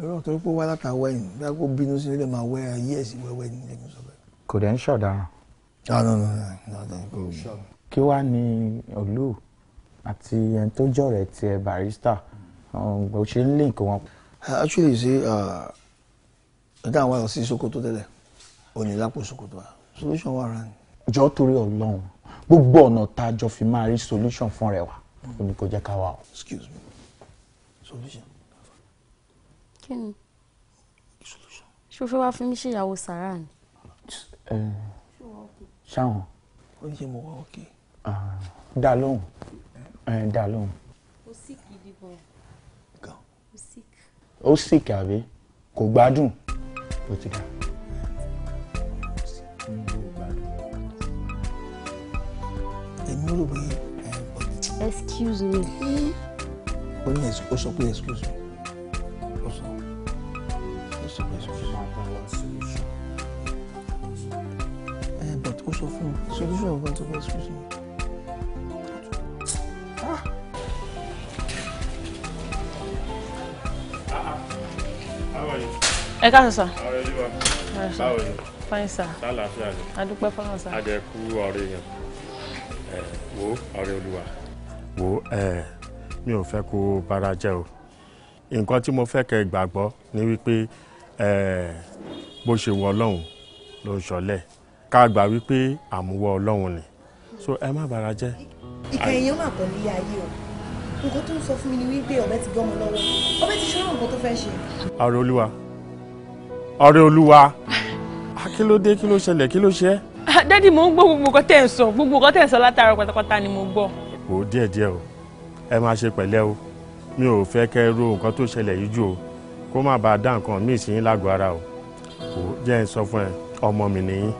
ẹ̀rọ tó ń pọ̀ wá látàwẹ́ yìí bí a kò bínú sí ilé máa wẹ́ ayé ẹ̀sìn wẹ́wẹ́ ní ẹ̀gbọ́n sọ kò dẹ̀ ń ṣọ̀daràn. Ah, kí wàá ní olú àti ẹni tó jọ̀rẹ̀ tiẹ̀ barrister ò ṣe ń link wọn. actually ṣe ah, ẹ̀dá àwọn àlọ́ sí Sokoto tẹ́lẹ̀ òní lápò Sokoto solution wà rán. jọ torí Ọlọ́run gbogbo ọ̀nà tá a jọ fi máa rí solution fún rẹ wa ó ní kó jẹ́ ká wà o. excuse me solution. kí ni ṣòfò wá fún mi ṣèyàwó sàrà ni ṣáwọn. ó ní ṣe mo wá òkè. dá lóhùn dá lóhùn. ó sick gidi gan. ó sick. ó sick àbí kò gbádùn ó ti dá. èmi rò pé. excuse me. ó ní ó sọ pé excuse me. ó sọ pé excuse me. kó sọ fún mi solution nǹkan tó fẹ́ sọ sí mi. ẹ ká sọ sà. báwo ni. fine sir. sálàáfíà ni. adúpẹ́ fọlọ́n sà. adẹ́kú ọ̀rẹ́ yẹn wo ọ̀rẹ́ olúwa. wo mi ò fẹ́ kó bára jẹ́ o nǹkan tí mo fẹ́ kẹ́ gbàgbọ́ ni wípé bó ṣe wọ ọlọ́run ló ń ṣọlẹ̀ ká gbà wípé àmúwá ọlọ́run ni so ẹ má bàrà jẹ́. ìkẹyìn máa pọ̀ ní ayé o nǹkan tó ń sọ fún mi ni wípé ọ̀bẹ ti gbọ́mọ lọ́wọ́ ọ̀bẹ ti ṣọ́rọ̀ nǹkan tó fẹ́ ṣe. ọ̀rẹ́ olúwa ọ̀rẹ́ olúwa kí ló dé kí ló ṣẹlẹ̀ kí ló ṣe é. Ah, dádì mo ń gbọ́ gbogbo nǹkan tẹ̀ ń sọ gbogbo nǹkan tẹ̀ ń sọ látàárọ̀ pátápátá ni mo gbọ́. wò ó díẹ̀ o ẹ máa ṣe pẹ̀lẹ́ o mi ò fẹ́ kẹ́ ro nǹkan tó ṣẹlẹ̀ yìí jù o kó má bàa dá nǹkan míì sí yín lágọ̀ọ́ ara o wò ó ń sọ fún ẹ ọmọ mi nìyí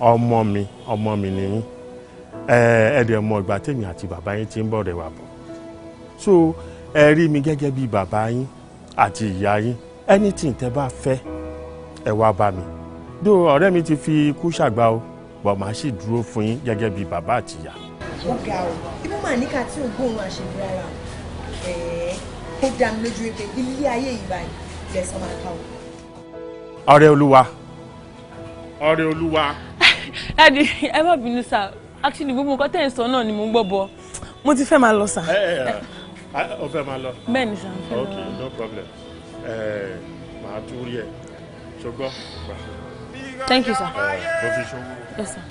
ọmọ mi ọmọ mi ni yín ẹ̀ẹ́dẹ̀ mọ ìgbà tèmi àti bàbá yín ti ń bọ̀ rẹ̀ bọ̀ so ẹ rí mi gẹ́gẹ́ bí bàbá yín àti ìyá yín anything tẹ́ bá fẹ́ ẹ wá bá mi dó ọ̀rẹ́ mi ti fi ikú ṣàgbà o bọ̀ máa sì dúró fún yín gẹ́gẹ́ bí bàbá àti ìyá. ó ga o ibi màá ní ká tí ò gbóòórùn àṣebí rárá ẹ̀ẹ́ ó dá mi lójú pé ilé ayé yìí báyìí lẹ́sàn máa ká o. ọ̀rẹ́ olúwa ọ̀rẹ́ olúwa. Daddy, ẹ má bínú sá. Actually, gbogbo nǹkan tẹ̀ ń sọ náà ni mo ń gbọ́ bọ̀. Mo ti fẹ́ máa lọ sá. Eh, eh, eh. O fẹ́ máa lọ? Bẹ́ẹ̀ni sá. Ok, no problem. Màá tún rí ẹ. Ṣogbọ́n. Thank you, sir. Mo fi ṣogbọ́n. Yes, sir.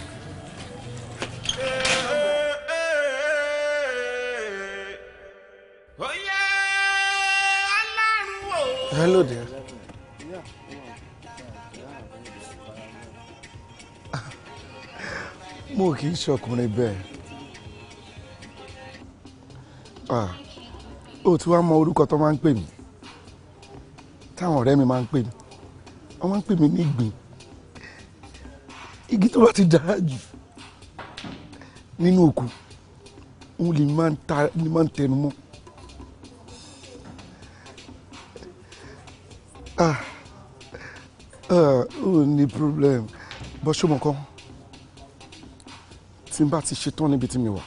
Hello there. mo kì í ṣọkùnrin bẹ́ẹ̀ ó ti wá mọ orúkọ tó máa ń pè mí táwọn ọ̀rẹ́ mi máa ń pè mí wọ́n máa ń pè mí ní ìgbín igi tó bá ti dára jù nínú òkú òun lè máa ń tẹnu mọ́. ah uh, oh, ní problem bó mọ̀ kàn tí n bá ti ṣetán níbi tí mi wà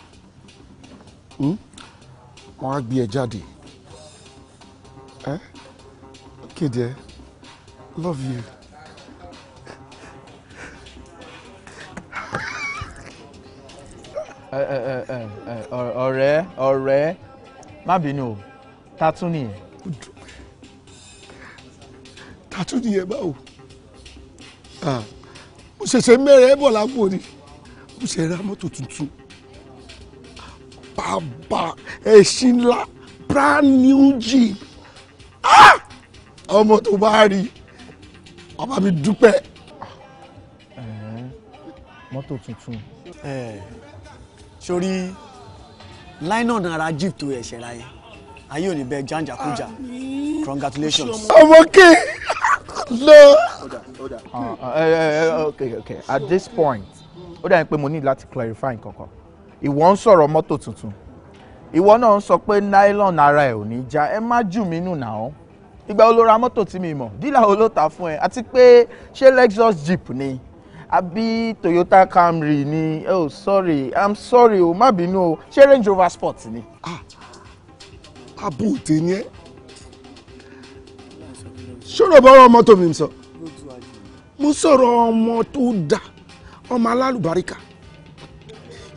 hmm, wọn á gbé ẹ jáde ẹ kéde love you. ọ̀rẹ́ ọ̀rẹ́ má bínú o ta tún nìyẹn. ta tún nìyẹn báwo mo ṣẹ̀ṣẹ̀ mẹ́rẹ̀ẹ́ bọ̀ lápò ni mo ṣe ra mọ́tò tuntun bàbá ẹṣin ńlá brand new jeep ah! ọmọ tó bá rí bàbá mi dúpẹ́. mọ́tò tuntun. sórí láìnà náírà jeep tó ẹ̀ṣẹ̀ ra yẹn ayé ò ní bẹ jàǹjàkújà congratulations. ọmọ kí lọ. Ah, ah, eh, eh, eh, okay okay at this point ó dàbí pé mo ní láti clarify nǹkan kan ìwọ ń sọ̀rọ̀ mọ́tò tuntun ìwọ náà ń sọ pé nylon ara ẹ̀ ò ní já ẹ má jù mí nù náà ìgbà wo ló ra mọ́tò tí mi mọ̀ dílà wo ló ta fún ẹ àti pé ṣé Lexus Jeep ni àbí Toyota Camry ni oh sorry i'm sorry o má bínú o ṣé Range Rover Sport ni. ah abo òtẹ ni ẹ ṣọ́rọ̀ bá ọmọ tó mi sọ mo sọ̀rọ̀ ọmọ tó dáa ọmọ alálùbáríkà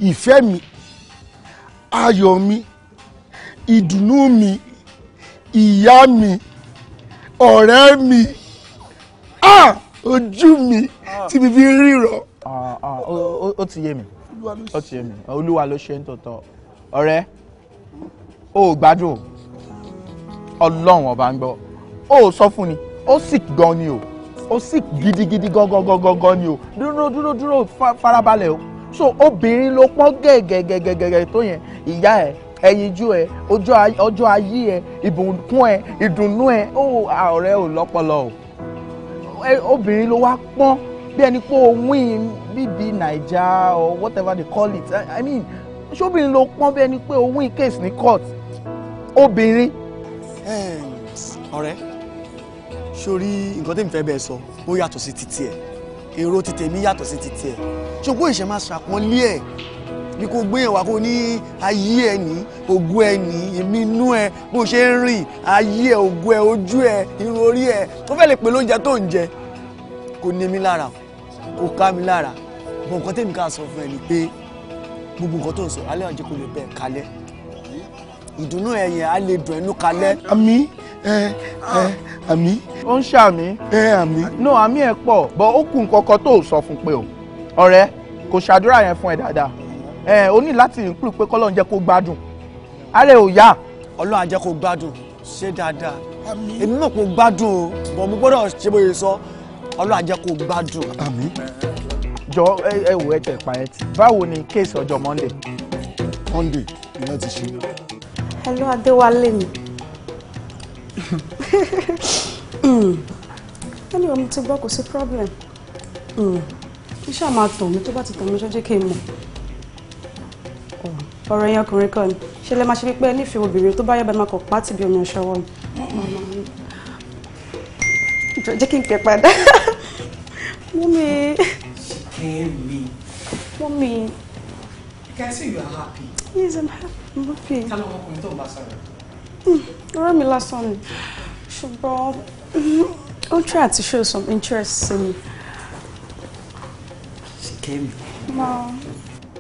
ìfẹ́ mi ayọ̀ mi ìdùnnú mi ìyá mi ọ̀rẹ́ mi ah ojú mi tí mi fi ríran. ó ti yé mi ó ti yé mi olúwa ló ṣe ń tòótọ́ ọ̀rẹ́ o ò gbádùn ọlọ́run ọba ń gbọ́ o ò sọ fún ni ó sì gan ni o ó sick gidigidi gangan ni o dúró dúró dúró farabalẹ̀ o so obìnrin ló pọ́n gẹ̀gẹ̀gẹ̀gẹ̀gẹ̀ tó yẹn ìyá ẹ̀ ẹyinjú ẹ ọjọ́ ayé ẹ ìbùkún ẹ ìdùnnú ẹ ó ọ̀rẹ́ ò lọ́pọlọ o obìnrin ló wá pọ́n bí ẹni pé òun bíbí naija or whatever they call it i mean ṣóbìnrin ló pọ́n bí ẹni pé òun case ní court obìnrin. ọ̀rẹ́. Hey, sórí nǹkan tèmi fẹ́ bẹ́ẹ̀ sọ ó yàtọ̀ sí títí ẹ̀ èrò ti tèmi yàtọ̀ sí títí ẹ̀ ṣùgbọ́n ìṣẹ̀ máa ṣàpọ́nlé ẹ̀ ni kò gbé yẹn wá kó ní ayé ẹ ní ogún ẹ ní èmi inú ẹ bó ṣe ń rìn ayé ẹ ogún ẹ ojú ẹ irun orí ẹ tó fẹ́ lè pè lóúnjẹ tó ń jẹ kò ní mi lára kò ká mi lára bọ̀ nǹkan tèmi ká sọ fún ẹ ni pé gbogbo nǹkan tó ń sọ alẹ́ ọ̀jẹ̀ kò lè bẹ̀ kalẹ̀ ìdùnnú ẹ yẹn á lè dùn ẹnu kalẹ̀. àmín ẹ eh, ẹ eh, ah. àmì. ó ń ṣàmì. ẹ eh, àmì. no àmì ẹ pọ̀ bọ ó kù nǹkan kan tó sọ fún pé o ọ̀rẹ́ kò ṣàdúrà yẹn fún ẹ dáadáa ẹ o ní láti ìpínlẹ̀ pé kọ́lọ́n jẹ́ kó gbádùn ààrẹ ò yá. ọlọ́run á jẹ́ kó gbádùn ṣe dáadáa èmi mọ̀ kó gbádùn o bọ̀ mo gbọ́dọ̀ ṣe bóyá sọ ọlọ́run á kó gbádùn. àmì. jọ ẹ wò ẹ tẹ pa ẹ tì báwo ni kéèsì ọjọ́ monday. monday ni wọ́n ti ṣe. hello adéwálé mi ó ní omi ti gbọ́ kò sí problem iṣẹ́ mm. máa tàn mí tó bá ti tàn mí jọ́jẹ́ kí n mọ̀ ọ̀rọ̀ ẹ̀yin ọkùnrin kan ni ṣe lè máa ṣe pé nífẹ̀ẹ́ obìnrin tó bá yẹ bá máa kọ̀ pátì bí omi ọ̀ṣọ́wọ́ ni jẹ́ kí n pè padà mọ́mí mọ́mí mọ́mí. I can see you are happy. Yes, I'm happy. Tell me what you talk about, Sarah ọ̀rẹ́ mi lásán ni ṣùgbọ́n ó try àti show some interest sí She came. Máa.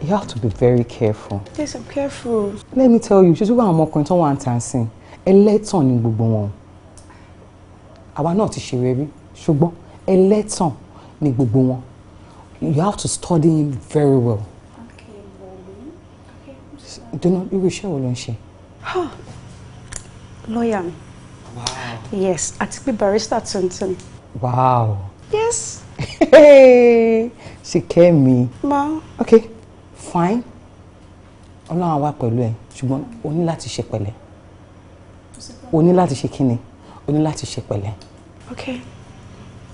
You have to be very careful. Yes, I'm careful. Let me tell you, ṣojú àwọn ọmọkùnrin tó wà ń tàn sí ẹlẹ́tàn ni gbogbo wọn. Àwa náà ti ṣeré rí ṣùgbọ́n ẹlẹ́tàn ni gbogbo wọn. You have to study him very well. Okay, mommy. Okay, I'm sorry. Dunu, irú iṣẹ́ wo ló ń ṣe? Lawyer. wow. yes àti be barrister tuntun. wow. yes. Hey, she came Ṣìkẹ́mi. ma. Okay. fine ọlọ́run wà pẹ̀lú ẹ ṣùgbọ́n o ní láti ṣe pẹ̀lẹ́ o ní láti ṣe kíni o ní láti ṣe pẹ̀lẹ́. ok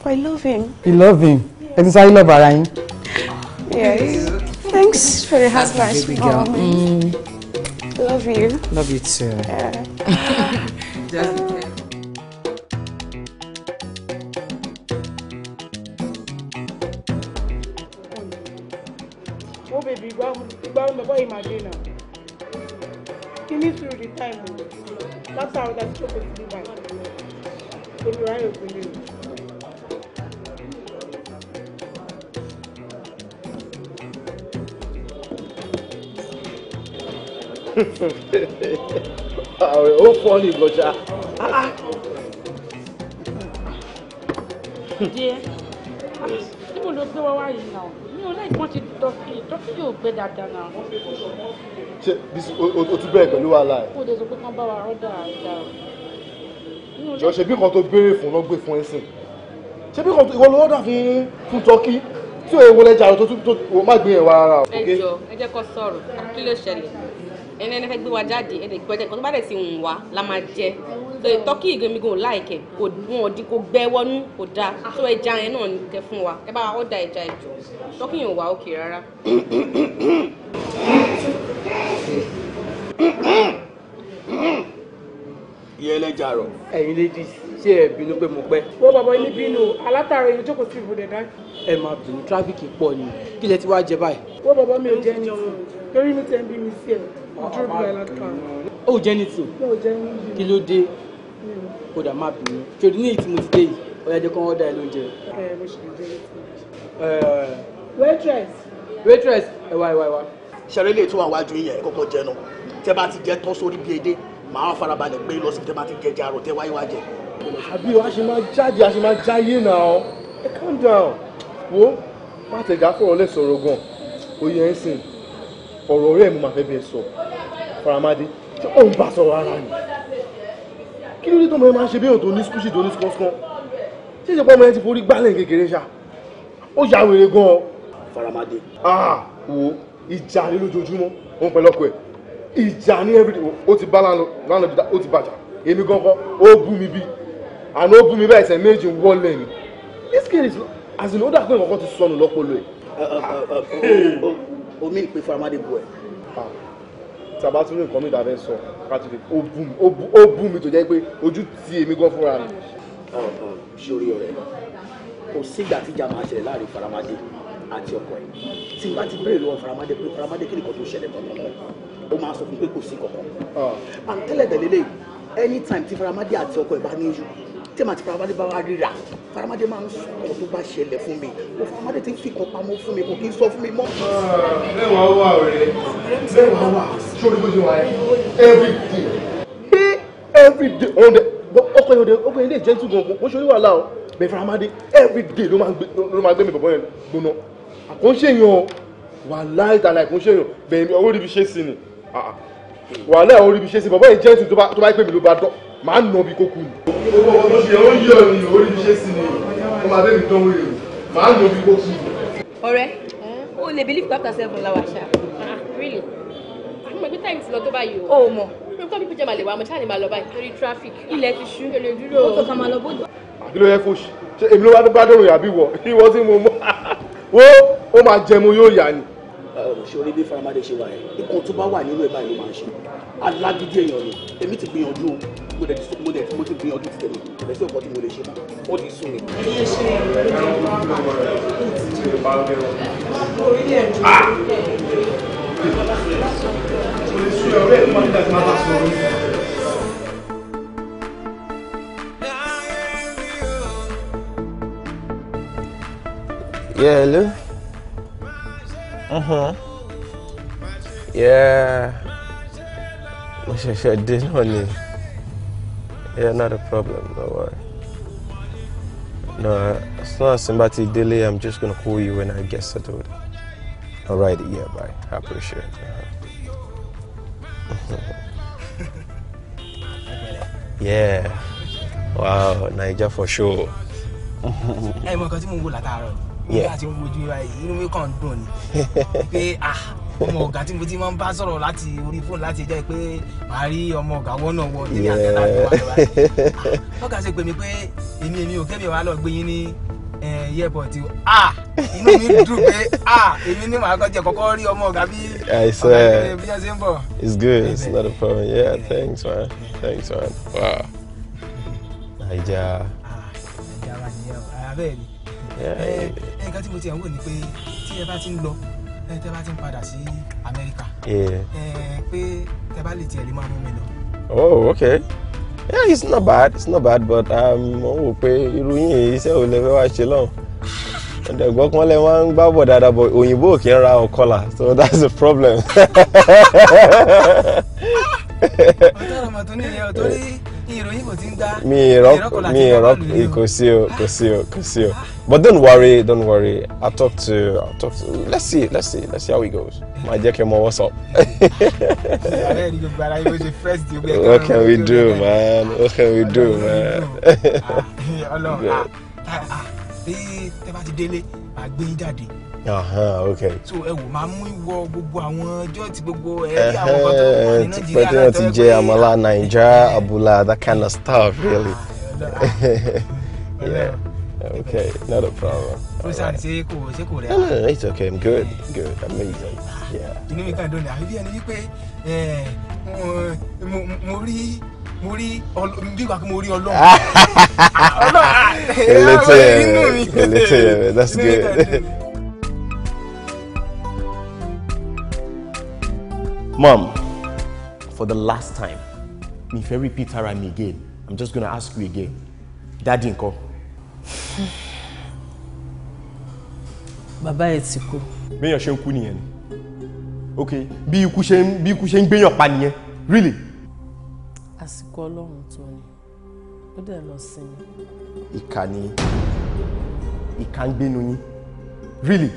but I love him. you love him ẹ ti sáré lọ́ọ̀bù ara yín. yes thanks for your husband. Oh, mm. Love you. Love you too. Yeah. Oh, baby, go out before you imagine now. He needs to retire. That's how that's supposed to be. Baby, right over you. ọ̀rẹ́ ó fọ́ ní ìgbọ̀nsá. díẹ̀ níbo ló gbé wá wá yìí náà mi ò lẹ́yìn wọ́n ti dọ́kì dọ́kì to gbé dáadáa náà. ṣé o tún bẹ̀rẹ̀ pẹ̀lú wàhálà ẹ̀. kò dé sọ pé kán bá wa rọ́dà ìjà o. jọ ṣe bí kan tó béèrè fún lọ gbé fún ẹ sìn ṣe bí kan ìwọ lọ rọ́dà fún fún tọ́kì tí ò ewu lẹ́jà rẹ tó má gbé yẹn wá rárá o. ẹ jọ ẹ jẹ́ kó sọ̀rọ̀ kí ló ṣẹlẹ̀ ẹni ẹni fẹ́ gbé wa jáde ẹni gbẹjẹ nǹkan tó bá dẹ̀ ti wùn wá la máa jẹ so tọ́kì ìgbémigun láìkẹ̀ kò wọn òdi kò gbẹ wọnú kò da so ẹja yẹn náà kẹ fún wa ẹ bá wa ọ̀dà ẹja ẹjọ tọ́kì yẹn ò wá òkè rárá. iye ẹlẹ́jà rọ. ẹ̀yin lady ṣé ẹ bínú pé mo pẹ́. wọ́n bàbá yín bínú alátàrà ẹni jókòó sí ibùdó dá. ẹ máa dùn tráfíkì pọ̀ ni kí lẹ ti wá jẹ báyìí. wọ́n bàbá mi ò jẹ́ ẹni torí mi tẹ̀ ń bí mi sí ẹ̀ ó jẹ́ ní tù kí ló dé kó dà má bínú torí ní ìtì ti dé yìí ọ̀yà jẹ́ kó wọ́n dá ẹ lóúnjẹ. waitress. waitress ẹ wá ẹ wá ẹ wá. ṣẹlẹ ilé tó wà wájú yẹn ẹ kọ́kọ́ jẹ náà tẹ bá ti jẹ tán sórí bí edé màá farabalẹ̀ gbé lọ sí tẹ bá ti jẹ jarò tẹ wáyé wá jẹ. àbí a ṣe máa jáde a ṣe máa jáyé náà ẹ calm down wo má tẹ̀gá fọ̀rọ̀ lẹ̀ sọ̀rọ̀ gan oyè ẹ̀ sìn ọ̀rọ̀ ọ̀rẹ́ mi máa fẹ́ bẹ́ẹ̀ sọ faramade tí ó ń bá sọ̀rọ̀ ara nì kí ló dé tó ọmọ ẹ máa ń ṣe bẹ́ẹ̀ tó ní skúṣì tó ní skọ́skán tí ìṣẹ́pọ̀ ọmọ ẹ ti forí gbálẹ̀ kékeré ṣá ó ya wèrè gan-an faramade ah wo ìjà ní lójoojúmọ́ òun pẹ̀lú ọkọ ẹ̀ ìjà ní everyday ó ti bá lánàá ó ti bàjá èmi gangan ó bú mi bí àná ó bú mi bẹ́ẹ̀ ẹsẹ̀ méjì wọlé ni this kid is as in ó dà pé nǹkan ti sọnù lọ́pọ̀lọ́ ẹ̀. Uh, uh, uh, omi ìpè fún amáde bu ẹ. Ah. tàbá tún ní nǹkan mi ìdàbẹ́ sọ káàtúndì ó bú mi tó jẹ́ pé ojú ti èmi gan fúnra mi. ṣé orí ọ̀rẹ́ kò sígbà tíjà máa ṣẹlẹ̀ láàrin faramade àti ọkọ ẹ̀ tí n bá ti béèrè lọ́wọ́ faramade pé faramade kí nìkan tó ṣẹlẹ̀ kankan ó máa sọ fún pé kò sí kankan. à ń tẹ́lẹ̀ tẹ̀lé lé anytime tí faramade àti ọkọ ẹ̀ bá ní issue tẹ̀mà àti faramade bá wa ríra faramade máa ń sọ̀rọ̀ tó bá ṣẹlẹ̀ fún mi o faramade ti ń fi kan pamọ́ fún mi kò kí ń sọ fún mi mọ́. mẹ́wàá wà rẹ̀ mẹ́wàá wà sórí bó ṣe wà yẹn every day. he every day ọ̀dẹ ọkọ yẹn ọkọ yẹn lè jẹ́ tùgùn kò ṣe wàhálà o bẹ́ẹ̀ faramade every day ló máa gbé mi bọ̀bọ̀ yẹn gbóná àkóńṣèyàn wàhálà ìtàlà àkóńṣèyàn bẹ́ẹ̀ ni ọwọ́ ríbi ṣe sí ni ah, ah. wàhálà ọwọ́ ríbi ṣe sí bọ̀bọ̀ yẹn jẹ́ tù tó bá pè mí ló bá dán máa nà bí kókó ni. owó ọmọ ṣe ó yọ ni orí sí ni ó máa bẹ́ẹ̀ mi tán wéèrè máa nà bí kókó ni. ọ̀rẹ́ o lè bí lift after seven la ṣá. Ah, really ah, mo gbé time ti lọ tó báyìí o. o mọ̀. mo kọ́ pípẹ́ máa lè wá mo ṣáà lè máa lọ báyìí torí traffic. ilẹ̀ ti ṣú. èlò ìdúró o. mọ́tò kan máa lọ bójú. àbí ló yẹ kó ṣe ṣe èmi ló bá dọ̀rùn yàbí wọ̀ ìwọ tí mo mọ̀ wo ó máa jẹ mo yóò yà ni. ṣòro bí faramade ṣe wà yẹn ikùn tó bá wà nínú ẹ̀ báyìí ló máa ń ṣe alágídí èèyàn ni èmi ti gbìyànjú o mo dẹ̀ ti mo dẹ̀ ti mo ti gbìyànjú ti tẹ̀lé ẹ̀rẹ́ sí mo lè ṣe mọ́ ó ti sún mi. ẹyẹ ṣe ẹran tó ń bá wọn mo lè Yeah, hello. Mm-hmm. Yeah. Mo ṣẹ̀ṣẹ̀ dé náà ni. Yeah, not a problem. No, worry. No, as long as somebody delay, I'm just gonna call you when I get settled. Alright, yeah, bye. I appreciate it. yeah. Wow, Naija for sure. ẹ mọ nǹkan tí mo ń wò látàárọ̀ nígbà tí mo wojú inú mi ah ọmọ ọ̀gá tí mo ti máa ń bá sọ̀rọ̀ láti orí fóònù láti jẹ́ pé màá rí ọmọ ọ̀gá wọ́nà wọ ní àtẹ́tà mi wá lọ́wọ́ ah, ọ̀gá ṣe pè mí pé èmi èmi ò kẹ́mi wàá lọ gbé yín ní airport o ah, inú mi dùn pé ah èmi ní màá kọjá kọ́kọ́ rí ọmọ ọ̀gá bí ọ̀gá bí ẹ ṣe ń bọ̀. it's good it's not a problem yeah thanks man thanks man wow. naija. Ah, naija wà ní ẹ̀ abẹ́ẹ̀ ni nǹkan ẹ tẹ bá ti ń padà sí Amẹ́ríkà ẹ pé tẹ bá lè tiẹ̀ lè máa mú mi lọ. oh okay yeah it's not bad it's not bad but um, mo wò pé irú yín iṣẹ́ ò lè fẹ́ wá ṣe lọ́hùn ẹ̀dẹ̀gbọ́n kan lẹ máa ń gbábọ̀ dáadáa but òyìnbó ò kí ń ra ọ̀kọ́là so that's the problem. ọjọ́ ọ̀rọ̀ ní ìyẹn ò torí ìròyìn kò ti ń gbá mi ìrọ́kọ̀ mi ìrọ́kọ̀ kò sí o kò sí o kò sí o but don't worry don't worry I talk to I talk to let's see let's see let's see how it goes My dear, kí n what's up. what can we do man what can we do man. Ah, eh, ọlọ́run ah, ah, eh, tẹ bá ti délé màá gbé yín jáde so ẹ wò máa mú ìwọ gbogbo àwọn ọjọ́ ti gbogbo ẹ̀rí àwọn kan tó wà ní nàìjíríà pẹ̀lú wọn ti jẹ àmàlà nàìjíríà abula that kind of stuff ah, really yeah okay not a problem. rosan ṣe kò ṣe kò rẹ. no no it's okay i'm good good amazing ah, yeah. inú mi kàn dùn ní àbí bí ẹni wípé mo rí mo rí bí wàá kí mo rí ọlọ́run. Ah, ọlọ́run ẹ̀rọ inú mi. elétè that's good. Mom, for the last time, if fẹ́ repeat ara me again. I'm just gonna ask you again. Daddy ńkọ́? Bàbá ẹ̀ ti kú. Béèyàn ṣe ń kú nìyẹn ni. Ok, bí ikú ṣe ń bí ikú ṣe ń Really? Àsìkò Ọlọ́run tó ni, ó I lọ sinmi. Ìkà ni ìkà ń Really?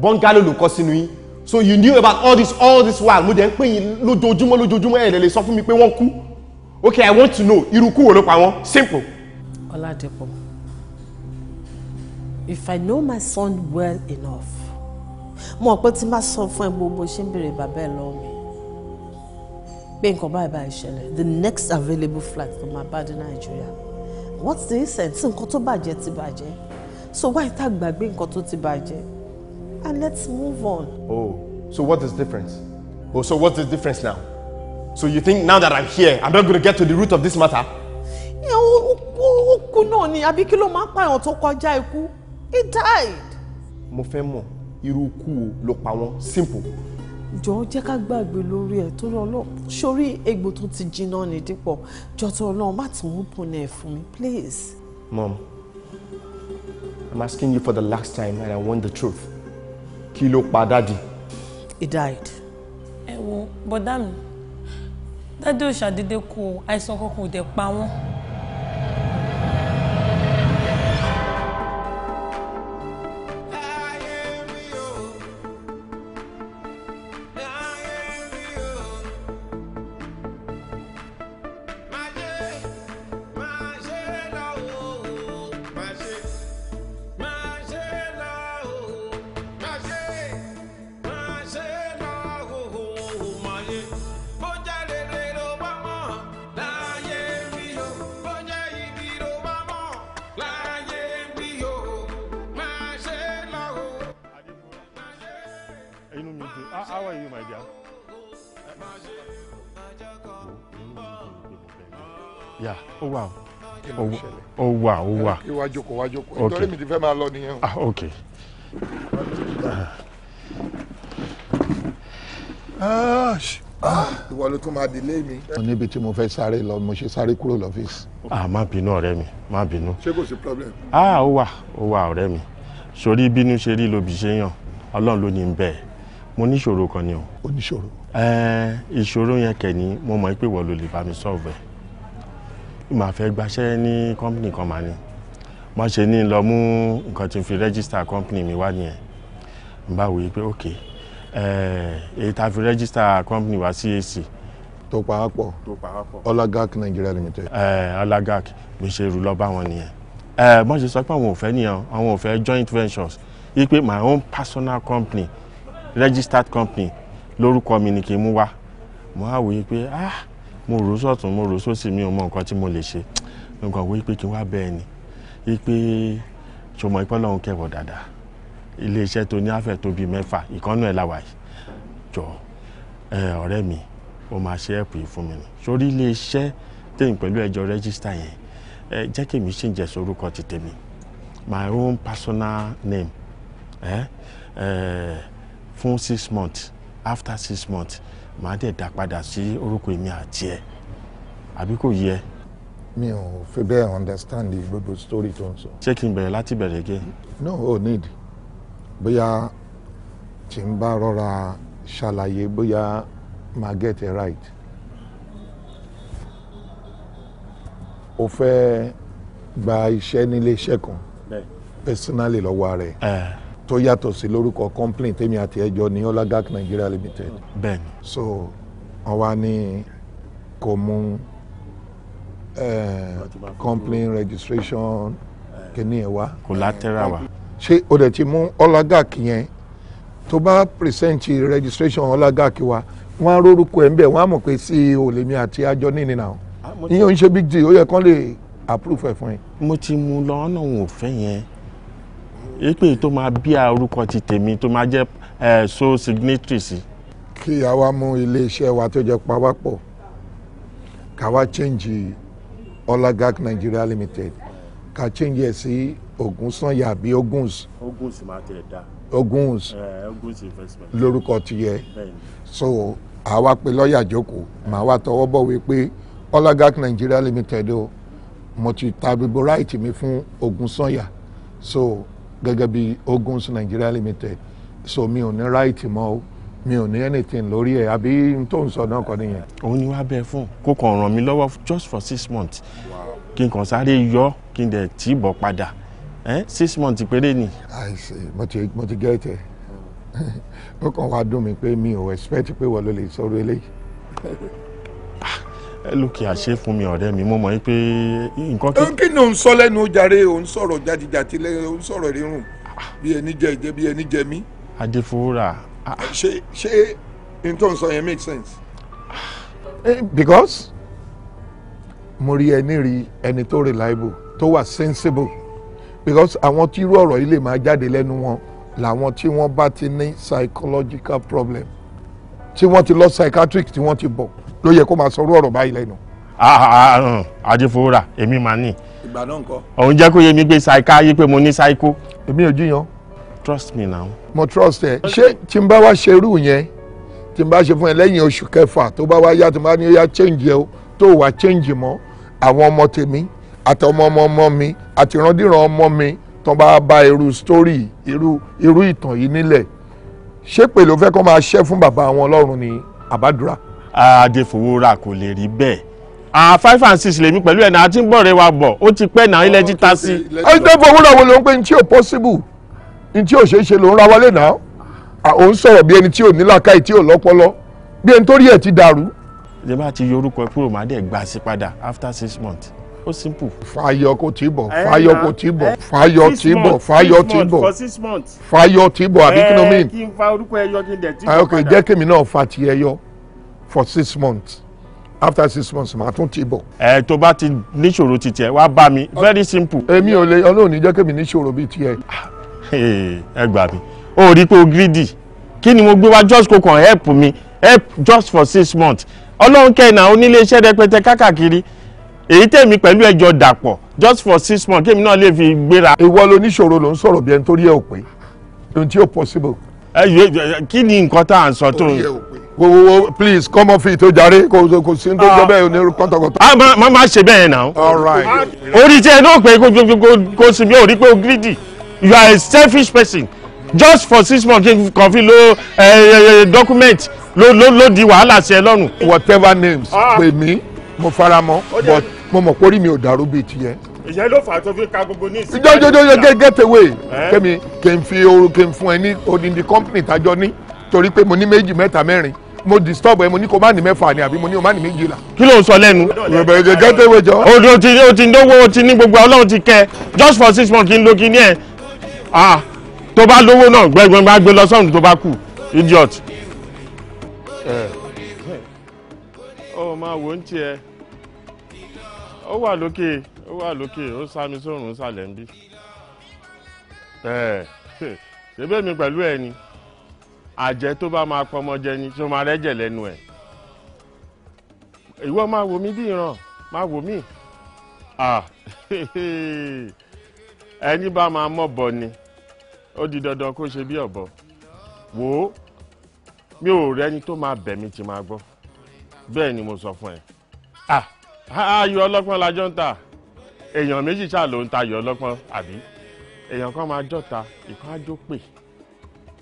Bọ́ńgálò ló kọ́ sínú yín so you knew about all this all this while mo dẹ̀ ń pè yín lójoojúmọ́ lójoojúmọ́ ẹ̀ lè lè sọ fún mi pé wọ́n kú okay i want to know Iruku kú wo ló pa wọ́n simple. Ọládipọ̀ if i know my son well enough mo pé tí n bá sọ fún ẹ gbogbo ṣé ń béèrè bàbá mi pé nǹkan báyìí báyìí ṣẹlẹ̀ the next available flight to my body Nigeria what's the incentive nǹkan tó bàjẹ́ ti bàjẹ́ so why tá gbàgbé nǹkan tó ti bàjẹ́ and let's move on. Oh, so what is the difference? Oh, so what's the difference now? So you think now that I'm here, I'm not going to get to the root of this matter? ó kú náà ni àbí kí ló máa ń pààyàn tó kọjá ikú he died. mo fẹ́ mọ̀ irú ikú wo ló pa wọ́n simple. jọ̀ọ́ jẹ́ ká gbàgbé lórí ẹ̀ tó lọ lọ sórí egbò tó ti jinná ni dípọ̀ jọ̀tọ̀ ọlọ́run má ti mú bùn ẹ̀ fún mi please. mom i'm asking you for the last time and i want the truth kí ló pa dáàdì. he died. ẹ wo bọ́dá mi dáàdì ò ṣàdédé kú àìsàn kankan ò dẹ̀ pa wọ́n. ẹja. yà ó wà ó ó wà ó wà. iwájú kò wájú kò nítorí mi ti fẹ́ máa lọ nìyẹn o. ah ok. Ah, ìwọ ló tún máa delay mi. mo níbi tí mo fẹ́ sáré lọ mo ṣe sáré kúrò lọ́fíìsì. ah má bínú ọ̀rẹ́ mi má bínú. ṣé kò sí problem. ah ó wà ó wà ọ̀rẹ́ mi sórí bínú ṣe rí lóbi ṣe yàn ọlọ́run ló ní bẹ́ẹ̀ mo níṣòro kan ni o. o níṣòro. ẹẹ ìṣòro yẹn kẹ́ni mo mọ̀ pé wọ́n ló lè bá mi solve ẹ̀ màá fẹ́ gbaṣẹ́ ní company kan màá ní mo ṣe ní lọ mú nǹkan tí n fi register company mi wá nìyẹn n bá wòye pé ok èyí tá a fi register company wa CAC. tó parapọ̀ tó parapọ̀ Olagak Nigeria Limited. Olagak mi ṣe rú lọ bá wọn nìyẹn bọ́n ṣe sọ pé àwọn ò fẹ́ nìyẹn àwọn ò fẹ́ joint ventures yí pé my own personal company registered company lórúkọ mi ni kì í mú wá mo á wòye pé ah mo rò sọ̀tún mo rò sósì mi ò mọ nǹkan tí mo lè ṣe nǹkan wòye pé kí n wá bẹ́ẹ̀ ni wípé ṣọmọ ìpẹ́ lọ́hún kẹwọ̀ dáadáa iléeṣẹ́ tó ní àfẹ́ tó bíi mẹ́fà ìkànnù ẹ̀ làwà yìí jọ ọ̀rẹ́ mi ó máa ṣe ẹ̀pù yìí fún mi ni sórí iléeṣẹ́ tèmi pẹ̀lú ẹjọ́ rẹ́gísítà yẹn ẹ jẹ́ kí èmi ṣìǹjẹ́ sorúkọ ti tèmi my own personal name. Eh? Eh, fún six months after six months màá dẹ̀ dá padà sí orúkọ èmi àti ẹ̀ àbí kò yẹ. mi ò fi bẹ́ẹ̀ understand gbogbo story tó ń sọ. ṣé kí n bẹ̀rẹ̀ láti bẹ̀rẹ̀ gẹ́. no o need bóyá tí n bá rọra ṣàlàyé bóyá máa get it right. o fẹ́ gba iṣẹ́ nílé iṣẹ́ kan personally lọ́wọ́ rẹ̀. Uh eh tó yàtọ̀ sí lórúkọ complain tèmi àti ẹjọ́ ní Ọlágák Nigeria Limited. bẹ́ẹ̀ni. so wọ́n wá ní kò mú eh, complain registration kìíní ẹ̀ wá. collateral wa. ṣé o dẹ̀ ti mú Ọlágák yẹn tó bá present registration Ọlágák wa wọ́n á rórúkọ ẹ̀ ń bẹ̀ wọ́n á mọ̀ pé ceo lèmi àti àjọ nínú náà ah, ìyẹn ò ń ṣe big deal ó yẹ kán lè approve ẹ̀ fún ẹ. mo ti mú lọ́wọ́ náà ò fẹ́ yẹn èpè tó máa bí orúkọ ti tèmi tó máa jẹ́ so signatory sí. kí a wá mú iléeṣẹ́ wa tó jẹ́ pawápọ̀ ká wá change Olagak Nigeria Limited ká change ẹ̀ sí Ogunsanya àbí Oguns. Oguns máa tẹ̀ dá. Oguns lórúkọ ti yẹ so àwa pe lọ́ọ̀yà jókòó màá wá tọwọ́ bọ̀wé pé Olagak Nigeria Limited o mo ti ta gbogbo ráìtì mi fún Ogunsanya so gẹ́gẹ́ bí Ogun's Nigeria Limited so mi ò ní right mọ́ o mi ò ní anything lórí ẹ̀ àbí n tó ń sọ náà kọ́ nìyẹn. òun ni wàá bẹ fún kó kàn ràn mí lọ́wọ́ just for six months kí n kàn sáré yọ kí n dẹ̀ tì bọ̀ padà six months péré ni. I see mo ti mo ti get it ó kàn wá dùn mí pé mi ò expect pé wọ́n ló lè sọ̀rọ̀ eléyìí. lókè àṣẹ fún mi ọ̀rẹ́ mi mo mọ̀ yín pé nǹkan kí. kí ni òun sọ lẹ́nu ojàre òun sọ̀rọ̀ jàtijàti lẹ́yìn òun sọ̀rọ̀ rírùn bí ẹni jẹ ìjẹ bí ẹni jẹ mí. adéfowóra. ṣé ṣé n tó ń sọ yẹn make sense. Eh, because mo rí ẹni rí ẹni tó reliable tó wà sensible because àwọn tí irú ọ̀rọ̀ yìí lè máa jáde lẹ́nu wọn làwọn tí wọ́n bá ti ní psychological problem tí wọ́n ti lọ psychiatric tí wọ́n ti bọ̀ ló yẹ kó máa sọ orú ọ̀rọ̀ báyìí lẹ́nu. àdìfowórà ah, ah, ah, èmi máa ní. ìbàdàn kọ. òun jẹ́ kó yé mi pé ṣáíkà yí pé mo ní ṣáíkó. èmi ò jiyàn. trust me now. mo trust ẹ ṣé tí n bá wá ṣe irú yẹn tí n bá ṣe fún ẹ lẹ́yìn oṣù kẹfà tó bá wá yá tí n bá ní yá change ẹ o tó wà change mọ́ àwọn ọmọ tèmi àtọmọ ọmọ ọmọ mi àtìrandíran ọmọ mi tó bá bá irú story irú irú ìtàn yìí nílẹ̀ ṣépè ló fẹ́ kó máa ṣẹ́ fún bàbá wọn lọ́run ní àbádúrà adéfowóra kò lè rí bẹ́ẹ̀ ah five and six lèmi pẹ̀lú ẹ̀ náà àti ń bọ̀ rẹ wa bọ̀ ó ti pẹ́ náà ilẹ̀ ti ta sí. adéfowóra wo ló ń pè ní tí ò possible ní tí ò ṣeé ṣe ló ń ra wọlé náà òun sọ̀rọ̀ bí ẹni tí ò ní làákàyè tí ò lọ́pọlọ bí ẹni tó rí ẹ̀ ti dàrú. ṣé bá ti yorùkọ ẹ kúrò má dẹ̀ gbà sí padà after six months ó simple. fàyọ kò tí bọ̀ eh, fàyọ kò eh, tí bọ̀ eh, fàyọ tí bọ̀ fàyọ tí bọ̀ fàyọ tí bọ̀ àbí kí ló mìíràn. ẹ kí n fa orúkọ ẹyọ kí n dẹ̀ tí bọ̀ ah, padà. ok jẹ́ kèmi náà fa ti ẹyọ for six months after six months màá tún ti bọ̀. ẹ tó bá ti níṣòro ti tiẹ̀ wá bá mi very simple. èmi ò lè ọlọ́run ní jẹ́ kémi níṣòro bíi tiẹ̀. ẹ gbà mí o rí pé o greedy kí ni mo gbé wá just kó help mi help just for six months ọlọ́run kẹ́hìnà oníléeṣẹ́ rẹpẹtẹ kákàkiri èyí tèmi pẹ̀lú ẹjọ́ dàpọ̀ just for six months kémi náà lè fi gbéra. ìwọ ló níṣòro ló ń sọ̀rọ̀ bí ẹni tó rí ẹ̀ ò pé ohun tí ó possible. ẹ yóò kí ni nǹkan tá à ń sọ tó ń wo please come off it o jàre kò kò sí tó jọ ah. bẹ́ẹ̀ ní kọ́tọ̀kọ́tọ̀. a ah, máa máa ṣe bẹ́ẹ̀ náà. all right. orí tí ẹ náà pé kó kó kó sì bí orí pé o greedy you are a selfish person just for six months kàn fi lo document lo lo lo di wàhálà sí ẹ lọ́rùn. whatever names ah. pè mí mo fara mọ́ but mo mọ̀ pórí mi ò dàrú bíi tiẹ̀. ìyẹn ló fà á tó fi ka gbogbo ní ìsinmi. get get away eh? kẹmi kí n fi oru kí n fún ẹ ní odindi company tájọ ní torí pé mo ní méjì mẹ́ta mẹ́rin mo disturb ẹ mo ní kó má ní mẹ́fà ni àbí mo ní o má ní méjìlá. kí ló ń sọ lẹ́nu. ìbẹ̀rẹ̀ jẹ gẹ́tẹ́ ìwé jọ. o ti o ti lówó o ti ní gbogbo ọlọ́run ti kẹ just for six months kí n lo kí ni ẹ ah tó bá lówó náà gbẹgbẹ bá gbé lọ sọ́run tó bá kù idiot. ó máa wò ń tiẹ̀ ó wà lókè ó wà lókè ó sá mi sórùn sálẹ̀ ń bí ṣe bẹ́ẹ̀ mi pẹ̀lú ẹ ni àjẹ́ tó bá máa pọmọ jẹ ni tó máa rẹ́jẹ̀ lẹ́nu ẹ̀ ìwọ máa wò mí bí ìran máa wò mí ẹni bá máa mọ̀ bọ̀ ni ó di dandan kó ṣe bí ọ̀bọ wò ó mi ò rẹ́ni tó máa bẹ̀ mí ti máa gbọ́ bẹ́ẹ̀ ni mo sọ fún ẹ ayò ọlọ́pọ́n la jọ ń ta èèyàn méjì ṣáà ló ń ta ayò ọlọ́pọ́n àbí èèyàn kan máa jọ́ta ìkan á pè.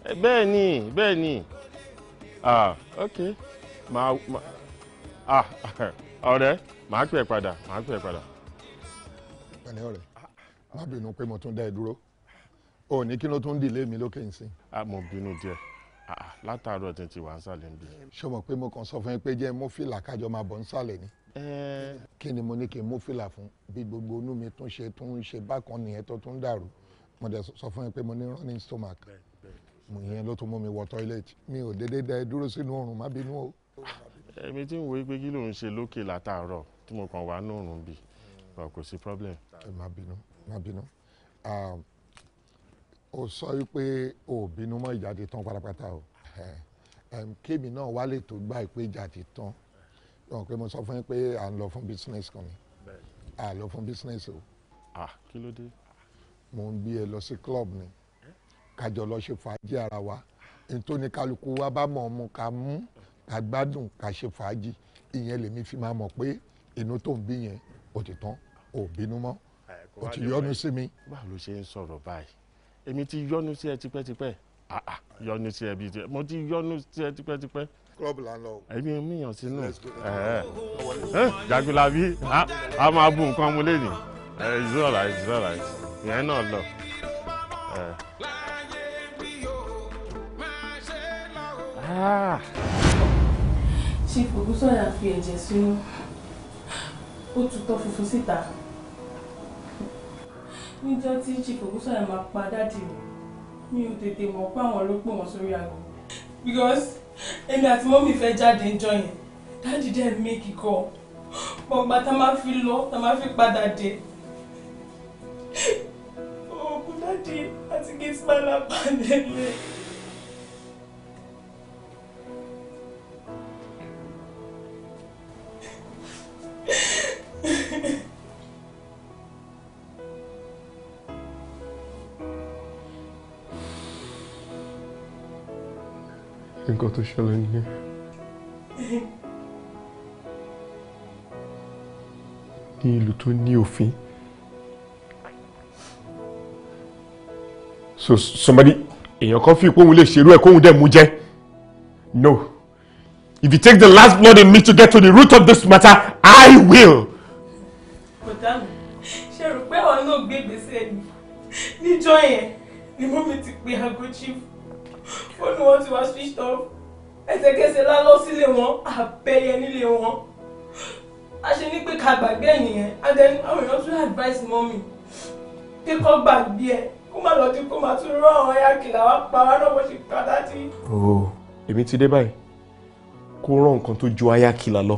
Eh, bẹ́ẹ̀ ni bẹ́ẹ̀ ni ah ok máa ah ọ̀rẹ́ màá pè padà màá pè padà. pẹ̀lẹ́ ọ̀rẹ́ má bínú pé mo tún dá ẹ dúró o ní kí ló tún dìlé mi lókè nsìn. a mo bínú díẹ̀ látàárọ̀ tí n ti wà ń sàlẹ̀ níbí. ṣé mo pé mo kàn sọ fún yín pé jẹ́ mú fìlà kájọ máa bọ̀ ń sàlẹ̀ ni. kí ni mo ní kí n mú fìlà fún bí gbogbo inú mi tún ṣe tún ṣe bákan nìyẹn tó tún dàrú mo dẹ̀ sọ fún yín pé mo ní running stomach ìyẹn ló tún mú mi wọ tọ́ílẹ̀tì mi ò dédé dá ẹ dúró sínú oòrùn má bínú o. èmi tí ń wòye pé kí ló ń ṣe lókè látàárọ̀ tí mo kàn wá nóòrùn bì kò sí problem. ẹ má bínú má bínú ó sọ pé ò bínú mọ́ ìjáde tán pátápátá o kémi náà wá lè tó gbà pé ìjáde tán wọn pé mo sọ fún yín pé à ń lọ fún business kan ni à lọ fún business o. ah kí ló dé. mo ń gbé ẹ lọ sí club ni kájọ lọ ṣe fàájì ara wa nítorí kálukú wa bá mọ̀ ọmọ ká mú ká gbádùn ká ṣe fàájì ìyẹn lèmi fi máa mọ̀ pé inú tó ń bí yẹn ò ti tán ò bínú mọ́ ò ti yọnu sí mi. báwo ló ṣe ń sọ̀rọ̀ báyìí èmi ti yọnu sí ẹ tipẹ́tipẹ́ yọnu sí ẹ bíi tiẹ mo ti yọnu sí ẹ tipẹ́tipẹ́ club la lọ. ẹbí mi yàn sínú jagunlabi a máa bu nǹkan mu lẹ́nu it's all right it's all ìyẹn náà lọ. ṣe fògúsọ̀yà fi ẹ̀jẹ̀ sínú ó tutọ́ funfun síta níjọ́ tí chief ògúsọ̀yà máa pa dáàdì mi mi ò tètè mọ̀ pé àwọn ló pè wọ́n sórí aago because èmi àti mọ́mì fẹ́ jáde níjọ́ yẹn dáàdì dẹ́ méèkì kọ́ ọgbà tá máa fi lọ tá máa fi padà dé òògùn dáàdì àti gẹ́tìmá làbàdé lẹ́yìn. nǹkan tó ṣẹlẹ̀ nìyẹn. ní ìlú tó ní so somebody èèyàn kan fi ìpóhùn lè ṣerú ẹ kóhùn dẹ̀ no if you take the last blood in me to get to the root of this matter i will. mọ́mì kíkọ́ gbàgbé ẹ kó má lọ́ọ́ tí kó má tún rán àwọn ẹ̀yà kìlà wá pa wá náà bó ṣe padà tí. ooo èmi ti dé báyìí kó rán nǹkan tó ju aya kìlà lọ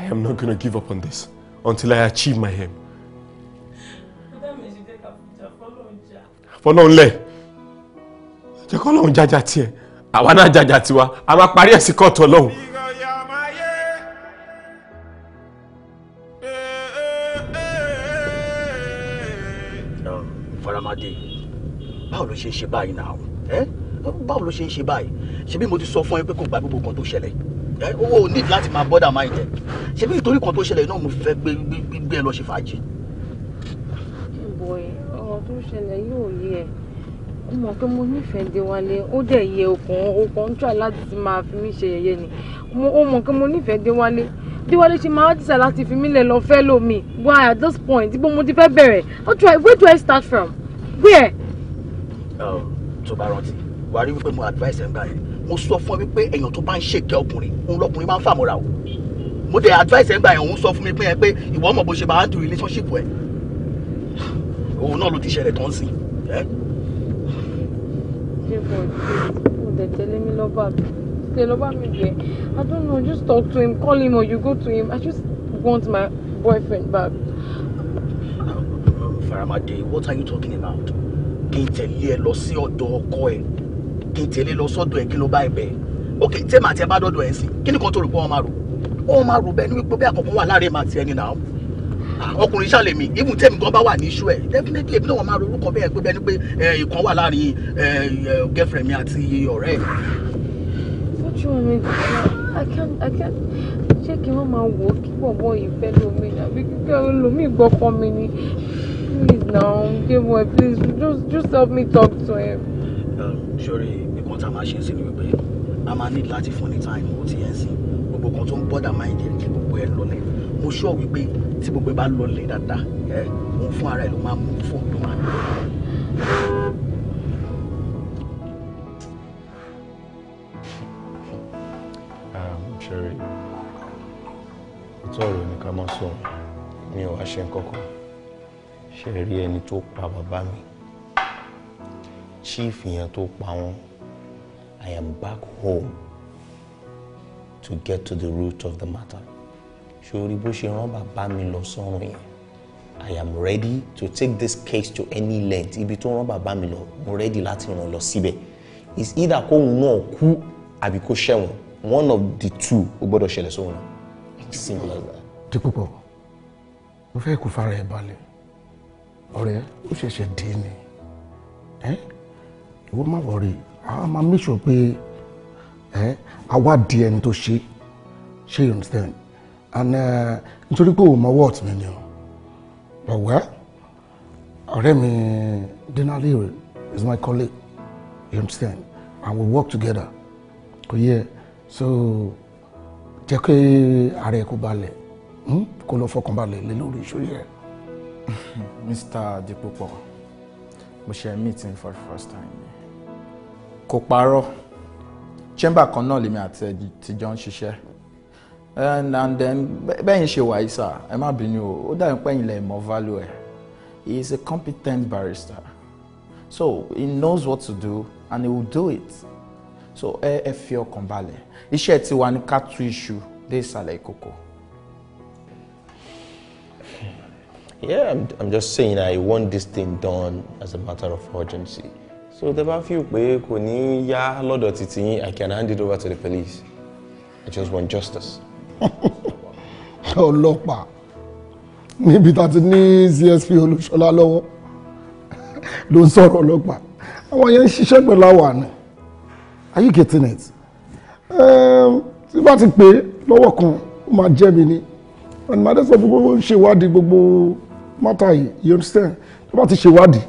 I am not gonna give up on this until I achieve my aim. fọlọ́run lẹ̀ jẹ́ kọ́ lọ́run jájá tiẹ̀ àwa náà jájá tiwa a máa parí ẹ̀sìn kọ́ọ̀tù ọlọ́run. báwo ló ṣe ń ṣe báyìí náà ẹ báwo ló ṣe ń ṣe báyìí ṣebí mo ti sọ fún ẹ pé kò gba gbogbo kan tó ṣẹlẹ̀ ẹ owó need láti máa bọ́dà máa yẹ ṣebí nítorí kan tó ṣẹlẹ̀ náà mo fẹ́ gbé gbé ẹ lọ ṣe fàájì. boy ọmọ tó ṣẹlẹ̀ yóò yé ẹ ó mọ̀ pé mo nífẹ̀ẹ́ déwálé ó dẹ̀ yẹ okùn okùn ń tọ́ láti máa fi mí ṣe yẹ̀yẹ́ ni ó mọ̀ pé mo nífẹ̀ẹ́ déwálé déwálé ṣe máa dísà láti fi mí lẹ̀ lọ fẹ́ lómi why at this point bó mo ti fẹ́ bẹ̀rẹ̀ where do I start from where tó bá rántí wàá rí wípé mo advice ẹ̀ ń gbà yẹn mo sọ fún ẹ wípé èèyàn tó bá ń ṣèkẹ́ ọkùnrin òun lọkùnrin máa ń fàmọ́ra o mo dẹ̀ advice ẹ̀ ń gbà yẹn òun sọ fún mi pé ẹ pé ìwọ ọmọ bó ṣe máa ń do relationship ẹ òun náà ló ti ṣẹlẹ̀ tó ń I don't know, just talk to him, call him or you go to him. I just want my boyfriend back. Faramade, what are you talking about? kí n tẹ̀lé ẹ lọ sí ọ̀dọ̀ ọkọ ẹ kí n tẹ̀lé lọ sọ́dọ̀ ẹ kí ló bá ẹ bẹ̀ ok tẹ́mà àti ẹ bá dọ́dọ̀ ẹ sí kí ni kan tó rò pé wọ́n máa rò wọ́n máa rò bẹ́ẹ̀ ni wípé bí àkọ́kọ́ wà láàrin màtí ẹni náà ọkùnrin ṣàlẹ̀ mi even tẹ́mi kan bá wà ní iṣu ẹ̀ definitely èmi náà wọ́n máa ro orúkọ bẹ́ẹ̀ pé bẹ́ẹ̀ ni pé ìkan ṣé kí wọ́n máa wò ó kí bọ̀bọ̀ yìí fẹ́ lómi àbí kíkẹ́ lómi ìgbọ́kọ̀ mi ni please now give Deboy please just just help me talk to him. Um, sori nǹkan tá a máa ṣe é sí ni wípé a máa ní láti time ó ti yẹn sí gbogbo kan tó ń bọ́dà máa ń jẹ́ kí gbogbo ẹ lọlẹ̀ mo sọ be. tí gbogbo ẹ bá lọlẹ̀ dáadáa ẹ òun fún ara ẹ ló máa mú fún òun ló máa lọ. ṣeré ìtọ́ ọ̀rọ̀ ni ká má sọ mi ṣe rí ẹni tó pa bàbá mi chief yẹn tó pa wọn I am back home to get to the root of the matter ṣòrí bó ṣe rán bàbá mi lọ sọ́run yẹn I am ready to take this case to any length ibi tó rán bàbá mi lọ mo ready láti ràn lọ síbẹ̀ is either kóun náà kú àbí kó ṣẹ̀wọ̀n one of the two ó gbọ́dọ̀ ṣẹlẹ̀ sóhun simple as that. dípò pọ̀ mo fẹ́ kó fara ẹ̀ balẹ̀ ọ̀rẹ́ ó ṣẹ̀ṣẹ̀ dé ni ìwọ má wọrí a máa make sure pé a wá di ẹni tó ṣe ṣe you understand and nítorí pé òun mọ wọ́ọ̀t mi ni o bọ̀wẹ́ ọ̀rẹ́ mi Denali is my colleague you understand and we work together kò yẹ so jẹ́ kí ara ẹ̀ kó balẹ̀ hmm? kó lọ fọkàn balẹ̀ lé lórí ìṣòro yẹn. Mr. Dipopo mo ṣe meeting for the first time kò parọ́ chamber kan náà lèmi àti ẹ̀jọ̀ ń ṣiṣẹ́ and then bẹ́yìn ṣe wà yìí sà ẹ má bínú o ó dàbí pẹ́yìn lẹ̀ mọ́ value ẹ̀ he is a competent barrister so he knows what to do and he will do it so ẹ ẹ fi ọkàn balẹ̀ iṣẹ́ tiwa ni ká tú iṣu dé ìsàlẹ̀ ìkòkò yeah I'm, i'm just saying i want this thing done as a matter of urgency so tẹ́ bá feel pé kò ní yá lọ́dọ̀ títí yín i can hand it over to the police i just want justice. ọlọ́pàá níbi tá a ti ní CSP Olúṣọlá lọ́wọ́ ló ń sọ̀rọ̀ ọlọ́pàá àwọn yẹn ń ṣiṣẹ́ pẹ̀lú are you getting it? Um. tí bá ti pè é lọ́wọ́ kan ó máa jẹ́ mi ni and màdé sọ fún gbogbo ń ṣèwádìí gbogbo matter yìí you understand tó bá ti ṣèwádìí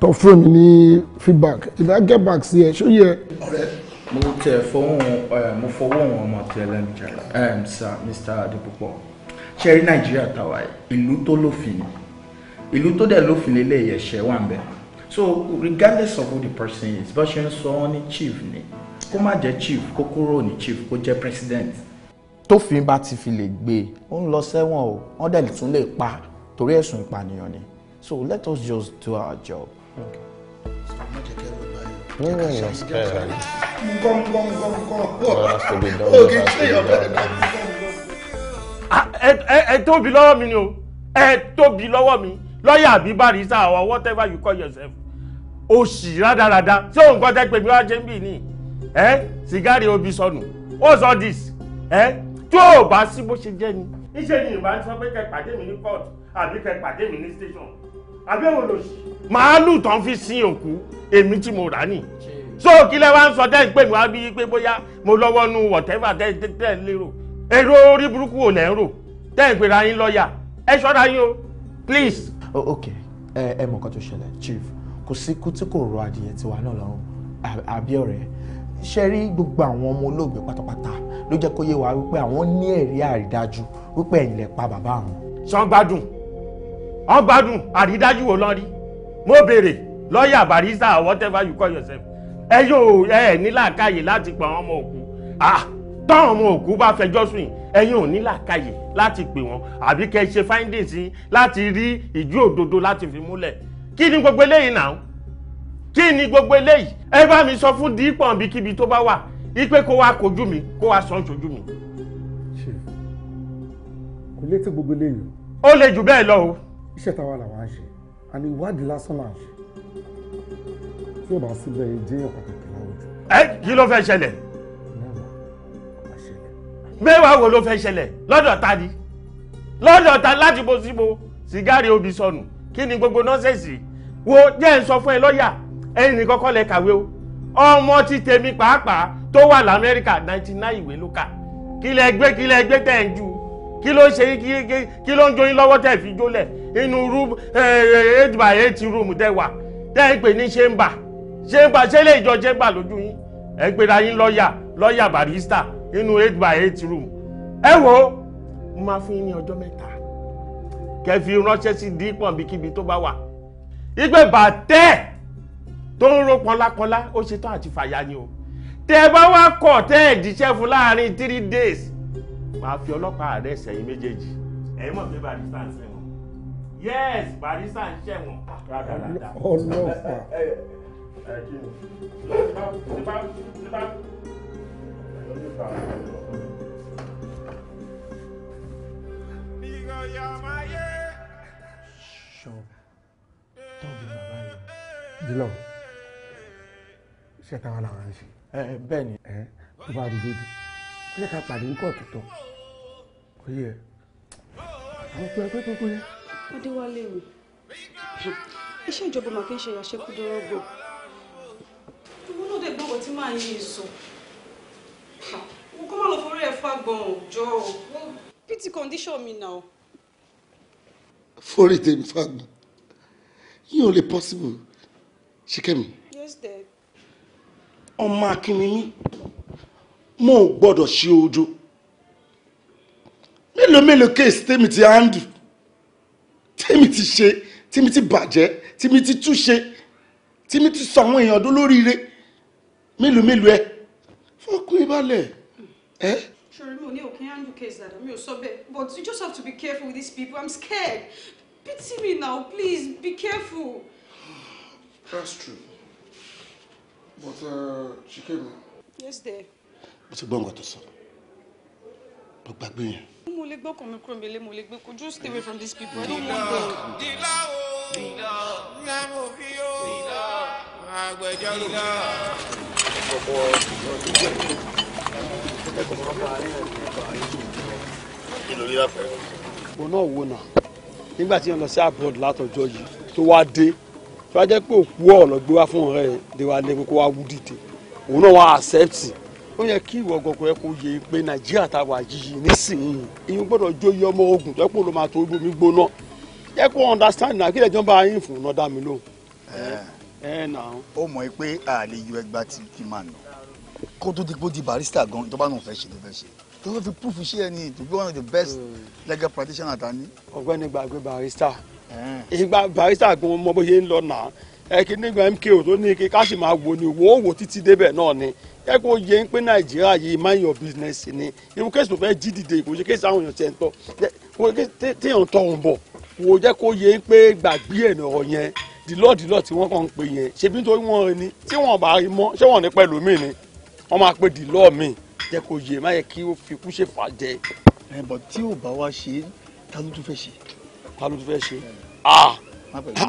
tó fún mi feedback if i get back sí show you. yẹ. ọ̀rẹ́ mo tẹ fọwọ́ wọn eh, mo fọwọ́ wọn ọmọ tẹ I'm eh, Sir, Mr. Adepopo ṣe Nigeria. Tawai. tàwa ìlú tó lófin ìlú tó dẹ̀ lófin lélẹ̀ ìyẹ̀ṣẹ̀ wà ń bẹ̀ so regardless of who the person is bó she ń sọ wọn chief ni kó má chief kó kúrò ní chief kó jẹ́ president. tófin bá ti fi lè gbé e ó ń lọ sẹ́wọ̀n o wọ́n dẹ̀ tún lè pa torí ẹ̀sùn ìpànìyàn ni so let us just do our job. Okay. Ẹ tóbi lọ́wọ́ mi ni o. Ẹ tóbi lọ́wọ́ mi. Lọ́ọ̀yà àbí barista or whatever you call yourself. O ṣì rádaràda. Ṣé òun kọ́ tẹ́ pé mi wá ṣe ń bì ní? Ẹ sìgárì obì sọnù. What's all this? Ẹ tí ò bá sí bó ṣe jẹ́ ni. Níṣẹ́ ni ìbá ń sọ pé kẹ́ pàdé mi ní kóòtù àbí kẹ́ pàdé mi ní station àbí èwo lò sí. màálù tán fi sin òkú èmi tí mo rà nì. so kí lẹ wá ń sọ tẹ́ ń pè mí wá bí pé bóyá mo lọ́wọ́ nu whatever tẹ́ tẹ́ ń lérò èrò orí burúkú ò lẹ́ ń rò tẹ́ ń pera yín lọ́ọ̀yà ẹ ṣọ́ra yín o please. Oh, ok ẹ ẹ mọ̀ nǹkan tó ṣẹlẹ̀ chief kò sí kú tí kò rọ adìyẹ tiwa náà lọ́rùn àbí ọ̀rẹ́ ṣe rí gbogbo àwọn ọmọ olóògbé pátápátá ló jẹ́ kó yé wa wípé àwọn ní ẹ̀rí àrídájú wípé ẹ̀yin lẹ pa bàbá àwọn. sọ́ngbádùn wọ́n gbádùn àrídájú wo lọ́n rí mo béèrè lọ́ọ̀yà barista whatever you call yourself ẹ yóò ẹ ní làákàyè láti pa àwọn ọmọ òkú tọ́wọ́n ọmọ òkú bá fẹjọ́ sùn ẹ̀yin ò ní làákàyè láti pè wọ́n àbí kẹ́ ẹ ṣe findings yín láti rí ìjú òdodo láti fi múlẹ̀ kí ni gbogbo eléyìí náà kí ni gbogbo eléyìí ẹ bá mi sọ fún dípọ̀n bíkíbi tó bá wà ipe kó wá kojú mi kó wá sọ ṣojú mi. ṣe kò létí gbogbo eléyìí. ó le jù bẹ́ẹ̀ lọ o iṣẹ́ táwa làwa ń ṣe àní ìwádìí lásán là ń ṣe tí ó bá síbẹ̀ jẹ́ èèyàn pàtàkì láwùjọ. ẹ kí ló fẹ́ ṣẹlẹ̀. mẹ́wàá wo ló fẹ́ ṣẹlẹ̀ lọ́dọ̀ ta ni lọ́dọ̀ ta láti bo síbo sìgáàrì obì sọnù kí ni gbogbo nọ́sẹ̀sì wo jẹ́ ń sọ fún ẹ lọ́ọ̀yà ẹ̀yin nìkan kọ́ lẹ kàwé o ọmọ ti tèmi pàápàá tó wà lamẹ́ríkà ninety nine ìwé ló kà kí lẹ gbé kí lẹ gbé tẹ̀ ń ju kí ló ṣe kí ló ń jó lọ́wọ́ tẹ̀ fi jólẹ̀ inú eight by eight room tẹ̀ wà tẹ̀ ń pè ní ṣé lè jọ ṣéǹbà lójú yín ẹ gbéra yín barista nínú eight by eight room ẹ wo mo máa fún yín ní ọjọ́ mẹ́ta kẹ́ fi ránṣẹ́ sí bíkíbi tó bá wà ìgbé bàtẹ́ tó ń ro ó ṣetán àti fàyà ni o tẹ́ ẹ bá wá kọ̀ tẹ́ díṣẹ́ fún láàrin days máa fi ọlọ́pàá rẹ̀ sẹ́yìn méjèèjì. ẹ mọ̀ pé barista ń ṣẹ̀wọ̀n yes barista ń ṣẹ̀wọ̀n rádaràdà. ọlọ́pàá. jùlọ ṣe táwa làwọn ń ṣe. ẹ bẹ́ẹ̀ ni. ẹ tó bá rí lójú ó yẹ ká pàdé ń kọ́ ọ̀tọ̀tọ̀ kò yẹ àwọn pé ẹgbẹ́ tó kó yẹ. adéwálé o iṣẹ́ ìjọba mà kí n ṣe àṣekúdọ́rọ́gbò ìwọ náà dẹ̀ gbọ́ngàn tí màá yí sọ kó má lọ forí ẹ̀ fàgbọ̀n jọ o pity condition mi náà. forí tèmi fàgbọ̀n yíyan lè possible ṣíkẹ́mi. yes dad. ọmọ akínni mi mo ò ṣe ojo mélòó mélòó kéèsì tèmi ti handle tèmi ti ṣe tèmi ti bàjẹ́ tèmi ti túnṣe tèmi ti sọ àwọn èèyàn dolóríire mélòó mélòó ẹ fọkùn ìbálẹ̀ ẹ. sori ní òkè handle case dada mi ò sọ bẹ́ẹ̀ but you just have to be careful with these people i'm scared pity me now please be careful. that's true but uh, Chikemi. yes dear mo ti gbọ́ nǹkan tó sọ mo gbàgbé yẹn. mo lè gbọ́kàn mi kúrò mi lé mo lè gbé kojú stay away from these people. dìlà dìlà o dìlà mo fi o agbẹjọ́rò dìlà. kí ló rí lápẹ́. mo náà wo náà nígbà tí wọ́n lọ sí abroad látọjọ́ yìí tó wá dé tó wá jẹ́ pé òkú ọ̀rọ̀ gbé wá fún ọ̀rẹ́ rẹ̀ dé wá lé kó wá wú dìde òun náà wá accept ó yẹ kí ìwọ gọgọ ẹ kò yẹ pé nàìjíríà tá wà yìí nísìnyí ìyẹn gbọ́dọ̀ jóyè ọmọ ogun tó kó ló máa tó bomi gbóná ẹ kó understand náà kí lè jọ bá fún náà dá mi lóhùn. ẹ ẹ nà. ó mọ̀ pé a yọ ẹgbà tí kì í máa nà kó tó di kó di barista gan tó bá fẹ́ ṣe ló fẹ́ ṣe tó fẹ́ fi proof ṣe ẹ to be one of the best hmm. legal practitioner ta ni. ọ̀gbẹ́ni gbàgbé barista ìgbà barista gan mọ bó ṣe ń lọ nà ẹ kí nígbà mko tó ní kí ká yẹ kó yẹ ń pé nàìjíríà yìí mind your business ni irú kéésì tó fẹ́ jí dìde kò ṣe kéésì àwọn èèyàn tiẹ̀ ń tọ́ kò ṣe téèyàn tọ̀ ń bọ̀ kò jẹ́ kó yẹ ń pé gbàgbé ẹ̀nà ọ̀ yẹn dìlọ́ dìlọ́ tí wọ́n kàn ń pè yẹn ṣebí nítorí wọn ni tí wọ́n bá rí mọ́ ṣé wọ́n ní pẹ̀lú mi ni wọ́n máa pe dìlọ́ mi jẹ́ kó yẹ má yẹ kí ó fi kú ṣe fà jẹ. ẹ bọ tí ò bá wá ṣe ta ló tún fẹ́ ṣe. ta ló tún fẹ́ ṣe. Ah!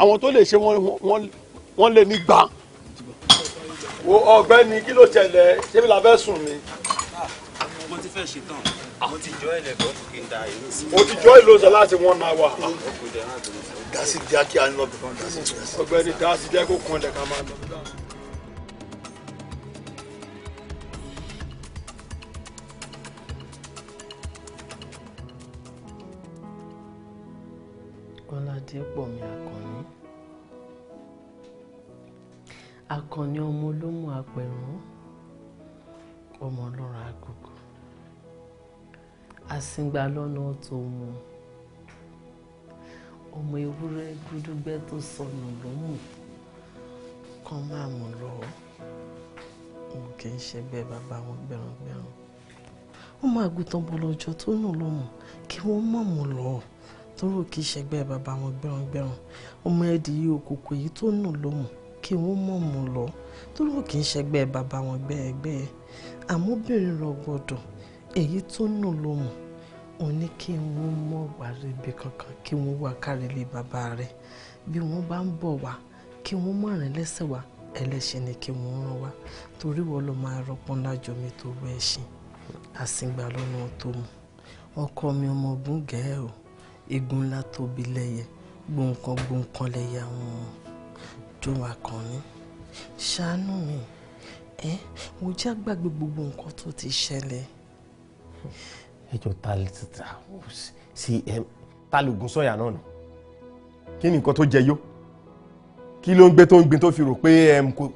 àwọn tó lè ṣe wọ́n lè ní gbà wo ọ̀gbẹ́ni kí ló ṣẹlẹ̀ ṣébi la fẹ́ sùn mi. mo ti fẹ́ ṣetán mo ti jọ ẹlẹ́kọ̀ọ́ tó kí n da ìlú sí. mo ti jọ ìlú sọ láti wọn náà wà. dasi jẹ́ kí a lọ bí kan dasi jẹ́. ọ̀gbẹ́ni dasi jẹ́ kó kún ẹ̀ ká máa lọ. Ọládépọ̀ mi àkànní akànnì ọmọ olómù apẹ̀rún ọmọ ọlọ́run àgùgù àsìngbà lọ́nà tó mú ọmọ ewúrẹ́ gúdúgbẹ́ tó sọnù lómù kán máa mú lọ́wọ́ òun kì í ṣe bẹ́ẹ̀ bàbá wọn gbẹ̀rùngbẹ̀rùn ọmọ àgùntàn bọ̀lọ̀jọ̀ tó nù lọ́mù kí wọ́n mọ̀ mú lọ́wọ́ tóró kì í ṣẹgbẹ́ bàbá wọn gbẹ̀rùngbẹ̀rùn ọmọ ẹ̀dì yìí òkòkò yìí tó nù lọ́mù kí wọ́n mọ̀ mọ́ lọ tó lọ kì í ṣẹgbẹ́ bàbá wọn gbẹ́ẹ̀gbẹ́ àmóbìnrin rọgbọdọ̀ èyí tó nù lóhùn ò ní kí wọ́n mọ̀ wá ríbi kankan kí wọ́n wá kárí ilé bàbá rẹ̀ bí wọ́n bá ń bọ̀ wá kí wọ́n mọ̀ rìn lẹ́sẹ̀ wá ẹlẹ́ṣin ni kí wọ́n rán wá torí wọ́n ló máa rọpọ́n lájọ mi tó wọ ẹṣin àsìngbà lọ́nà tó mu ọkọ mi ọmọ ògùn gẹ̀ẹ́ o igun ńlá tóbi lẹ́yẹ gbòǹkan gbòǹkan lẹ́yẹ àwọn ọmọ dùn àkànní ṣàánú mi ẹ mo jẹ́ àgbàgbé gbogbo nǹkan tó ti ṣẹlẹ̀. ẹjọ ta ta sí ẹ ta lóògùn sọyà náà nù kí ni nǹkan tó jẹ yó kí ló ń gbé tó ń gbé tó fi rò pé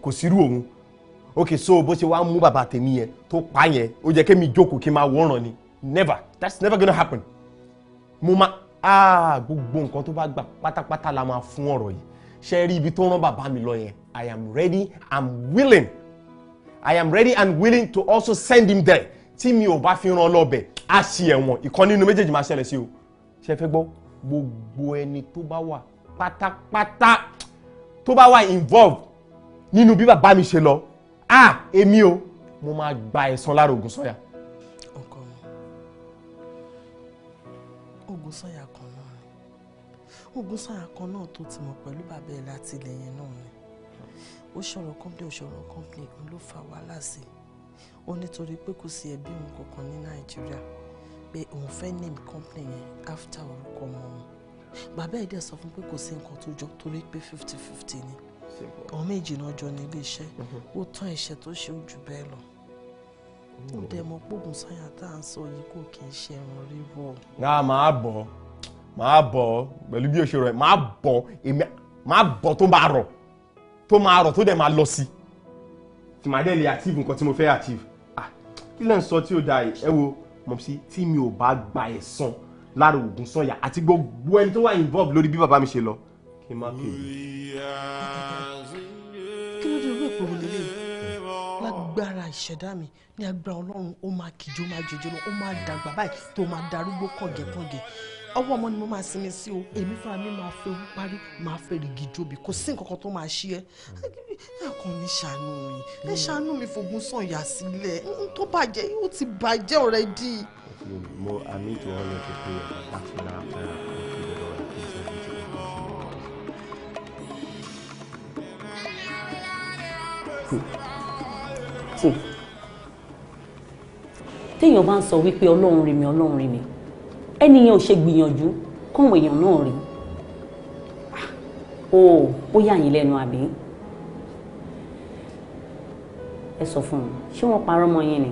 kò sírú òun ok so bó ṣe wá mú bàbá tèmi yẹn tó pa yẹn ó jẹ kémi jókòó kí n máa wòran ni never that's never gonna happen mo máa ah, gbogbo nǹkan tó bá gbà pátápátá la máa fún ọ̀rọ̀ yìí ṣe rí ibi tó rán bàbá mi lọ yẹn I am ready I'm willing I am ready and willing to also send him there tí mi ò bá fi rán lọ́bẹ̀ á ṣe ẹ̀wọ̀n ìkan nínú méjèèjì máa ṣẹlẹ̀ sí o ṣe fẹ́ gbọ́ gbogbo ẹni tó bá wà pátápátá tó bá wà involved nínú bí bàbá mi ṣe lọ ah èmi o mo máa gba ẹ̀san lára Ògúnsọ̀yà. ọkọ Ògúnsọ̀yà ogún sáà kan náà tó ti mọ̀ pẹ̀lú bàbá ẹ̀ láti ilẹ̀ yẹn náà ni ó ṣọ̀rọ̀ company ó ṣọ̀rọ̀ company òun ló fa wàhálà sí i ó nítorí pé kò sí ẹbí òun kankan ní nàìjíríà pé òun fẹ́ name company yẹn after orúkọ ọmọ òun bàbá ẹ̀ dẹ̀ sọ fún pé kò sí nǹkan tó jọ torí pé fifty fifty ni àwọn méjì náà jọ ní ilé iṣẹ́ ó tán iṣẹ́ tó ṣe ó jù bẹ́ẹ̀ lọ ó dẹ̀ mọ̀ pé sáyà tá à ń sọ yìí kò kì í ṣe ẹran rírọ̀. a máa bọ̀ máa bọ̀ pẹ̀lú bí o ṣe rọ̀ máa bọ̀ èmi máa bọ̀ tó máa rọ̀ tó máa rọ̀ tó dẹ̀ máa lọ sí tí màá dẹ̀ lè achieve nǹkan tí mo fẹ́ achieve ah kí lẹ́ ń sọ tí ó da yìí ẹ wo mọ̀ sí tí mi ò bá gba ẹ̀san lára ògùn sọ̀yà àti gbogbo ẹni tó wà involve lórí bí bàbá mi ṣe lọ kí n má kéde. kí ló dé irú èpò òun lélẹ̀ lágbára ìṣẹ̀dá mi ní agbára ọlọ́run ó máa kìjọ ó máa jòjò ó máa dàgbà báyìí tó máa darúgbó kọ̀gẹ̀kọ̀gẹ̀ ọwọ́ ọmọ ni mo máa sinmi sí o èmi fúnra mi máa fẹ́ wú parí máa fẹ́ rìgì jobi kò sí nǹkan kan tó máa ṣe ẹ́ ẹ̀kan ní ṣàánú mi ẹ ṣàánú mi fògùn sàn yà sílẹ̀ n tó bàjẹ́ ó ti bàjẹ́ already. mo àmì ìtò wọn lè fi pé àfúnà àfúnà téèyàn bá ń sọ wípé ọlọ́run rí ọlọ́run rí ẹnìyẹn ò ṣe gbìyànjú kọ́wọn èèyàn náà rí ah, o oh, ó yà yín lẹ́nu àbí ẹ sọ fún mi ṣé wọ́n parọ́ mọ́ yín ni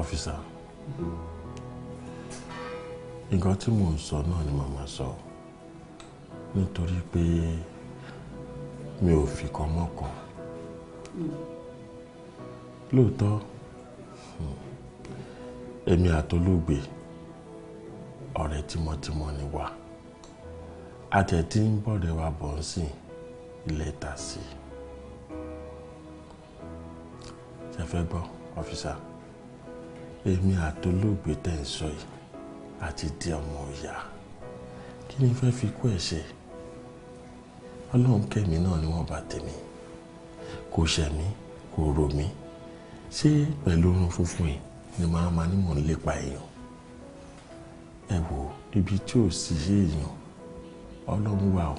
ọ́físà hmm? nǹkan tí mò ń sọ náà ni màá máa sọ nítorí pé mi ò fi kan mọ́ kan lóòótọ́ èmi àtolóògbé ọ̀rẹ́ tímọ́tímọ́ ni wá àtẹ̀tí ń bọ̀rẹ̀ wa bọ̀ ń sìn ilé ta sí i ṣe fẹ́ gbọ́ ọ́fíìsà èmi àtolóògbé tẹ̀ ń sọ yìí àti di ọmọ ìyá kí ni fẹ́ fi kú ẹ̀ ṣe ọlọ́run kẹ́mi náà ni wọ́n bá tèmi kò ṣẹ̀ mí kò rò mí ṣé pẹ̀lú orun funfun yìí ni màá máa ní mò ń lépa èèyàn ẹ wò ibi tí ò sí èèyàn ọlọ́run wà o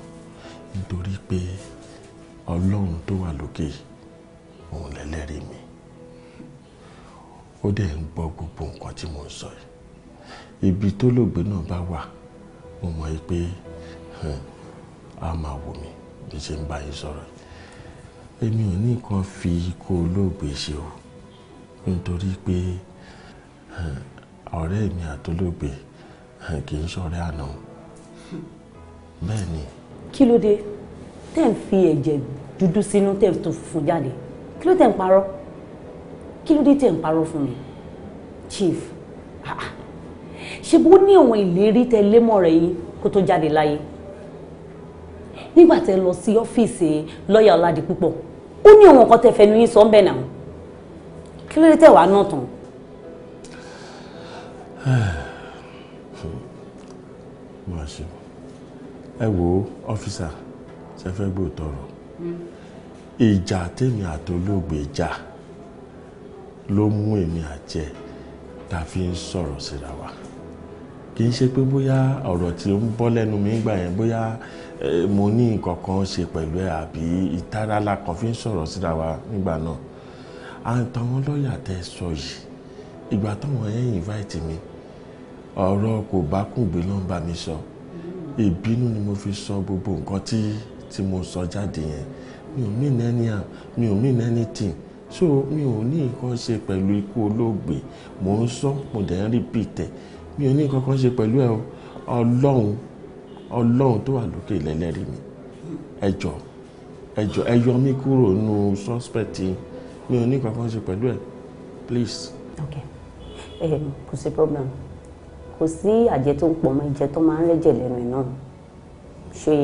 nítorí pé ọlọ́run tó wà lókè òun lẹ́lẹ́rìí mi ó dẹ̀ ń gbọ́ gbogbo nǹkan tí mo ń sọ yìí ibi tó lògbé náà bá wà mo mọ̀ pé a máa wò mí bí ṣe ń bá yín sọ̀rọ̀ yìí èmi ò ní nǹkan fi ikú olóògbé ṣe o nítorí pé eh, ọ̀rẹ́ mi àtolóògbé eh, kì í ṣọ̀rẹ́ àná bẹ́ẹ̀ ni. kí ló dé tẹ́ ń fi ẹ̀jẹ̀ dúdú sínú tẹ́ ń tó funfun jáde kí ló tẹ́ ń parọ́ kí ló dé tẹ́ ń parọ́ fún mi chief ah, ah. ṣe bó ní àwọn ìlérí tẹ lémọ̀ rẹ̀ yìí kó tó jáde láyé nígbà tẹ lọ sí ọ́fíìsì lọ́ọ̀yà Ọládipúpọ̀ ó ní ohun kan tẹ fẹnu yín sọ ń bẹ̀ náà kí ló dé tẹ̀ wá náà tán. máa ṣe ẹ wo ọ́fíìsà ṣe fẹ́ gbọ́ tọrọ ìjà tèmi àtolóògbé jà ló mú èmi àjẹ tá a fi ń sọ̀rọ̀ síra wa kì í ṣe pé bóyá ọ̀rọ̀ tí ó ń bọ́ lẹ́nu mi gbà yẹn bóyá mo ní nǹkan kan ṣe pẹ̀lú ẹ̀ àbí ìtara la kàn fi ń sọ̀rọ̀ síra wa nígbà náà àtàwọn lọ́ọ̀yà tẹ́ sọ yìí ìgbà táwọn yẹn invite mi ọ̀rọ̀ kò bá kùngbé ló ń bá mi sọ ìbínú ni mo fi sọ gbogbo nǹkan tí tí mo sọ jáde yẹn mi ò mean any am mi ò mean anything so mi ò ní nǹkan ṣe pẹ̀lú ikú olóògbé mò ń sọ mo dẹ̀ ń repeat ẹ̀ mi ò ní nǹkan kan ṣe pẹ̀lú ọlọ́run ọlọ́run tó wà lókè lẹ́lẹ́rìí mi ẹ jọ ẹ jọ ẹ yọ mí kúrò nù suspect mi ò ní kankan ṣe pẹ̀lú ẹ please. ok kò sí problem kò sí àjẹ tó ń pọ̀ mọ́ ìjẹ tó máa ń rẹ́jẹ̀ lẹ́nu ẹ̀ náà ṣe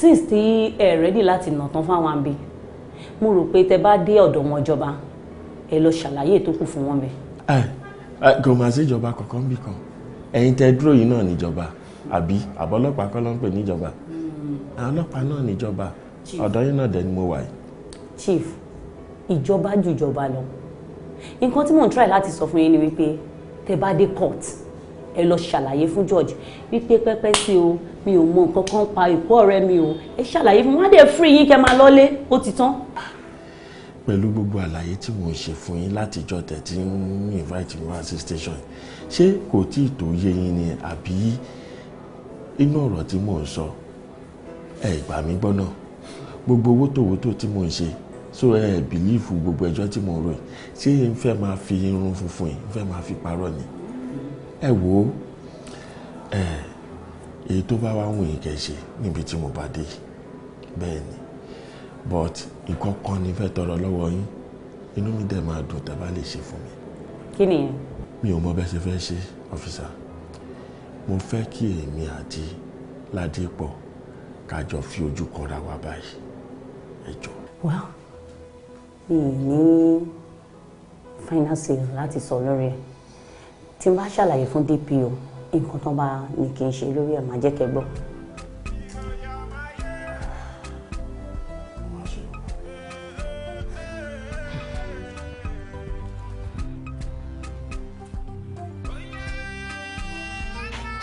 since tí ẹ rẹ́dì láti nà tán fáwọn àbí mo rò pé tẹ bá dé ọ̀dọ̀ wọn ìjọba ẹ lọ ṣàlàyé tó kù fún wọn bẹ́ẹ̀. ẹ ẹ sí ìjọba kankan bì kan ẹ̀yin tẹ́ dúró yìí náà níjọba àbí àbọ̀lọ́pàá kọ́ ló ń pè níjọba hmm. ọlọ́pàá náà níjọba ọ̀dọ̀ yín náà dẹ̀ ni mo wà yìí. chief ìjọba jùjọba lọ nǹkan tí mò ń try láti sọ fún yín ni wípé tẹ́ bá dé court ẹ lọ ṣàlàyé fún george wípé pẹ́pẹ́ sí o mi ò mọ nǹkan kan pa ìkó ọ̀rẹ́ mi o ẹ ṣàlàyé fún wọn á dẹ̀ free yín kẹ́ máa lọ́lé ó ti tán pẹ̀lú gbogbo àlàyé tí mo ṣe fún yín látijọ́ tẹ̀ invite mi wá sí station ṣé kò tí ì tó yé yín ni àbí inú ọ̀rọ̀ tí mò ń sọ ẹ gbà mí gbọ́ náà gbogbo owó tòwó tó tí mò ń ṣe so ẹ bìlífù gbogbo ẹjọ́ tí mo ròyìn ṣé n fẹ́ máa fi irun funfun yìí n fẹ́ máa fi parọ́ ni ẹ wò ó èyí tó bá wá wù yín ṣe níbi tí mo bá dé bẹ́ẹ̀ ni but nǹkan kan ni fẹ́ tọrọ lọ́wọ́ yín inú mi dẹ̀ máa dùn tẹ́ bá lè ṣe fún mi. kí ni. mi ò mọ bẹ́ẹ̀ ṣe fẹ́ ṣe ọ́físà mo fẹ́ kí èmi àti ládìpọ̀ ká jọ fi ojú kanra wa báyìí ẹ jọ. wá mi ò ní final say láti sọ lórí ẹ tí n bá ṣàlàyé fún DPO nǹkan tó bá ní kí n ṣe lórí ẹ máa jẹ́ kẹ́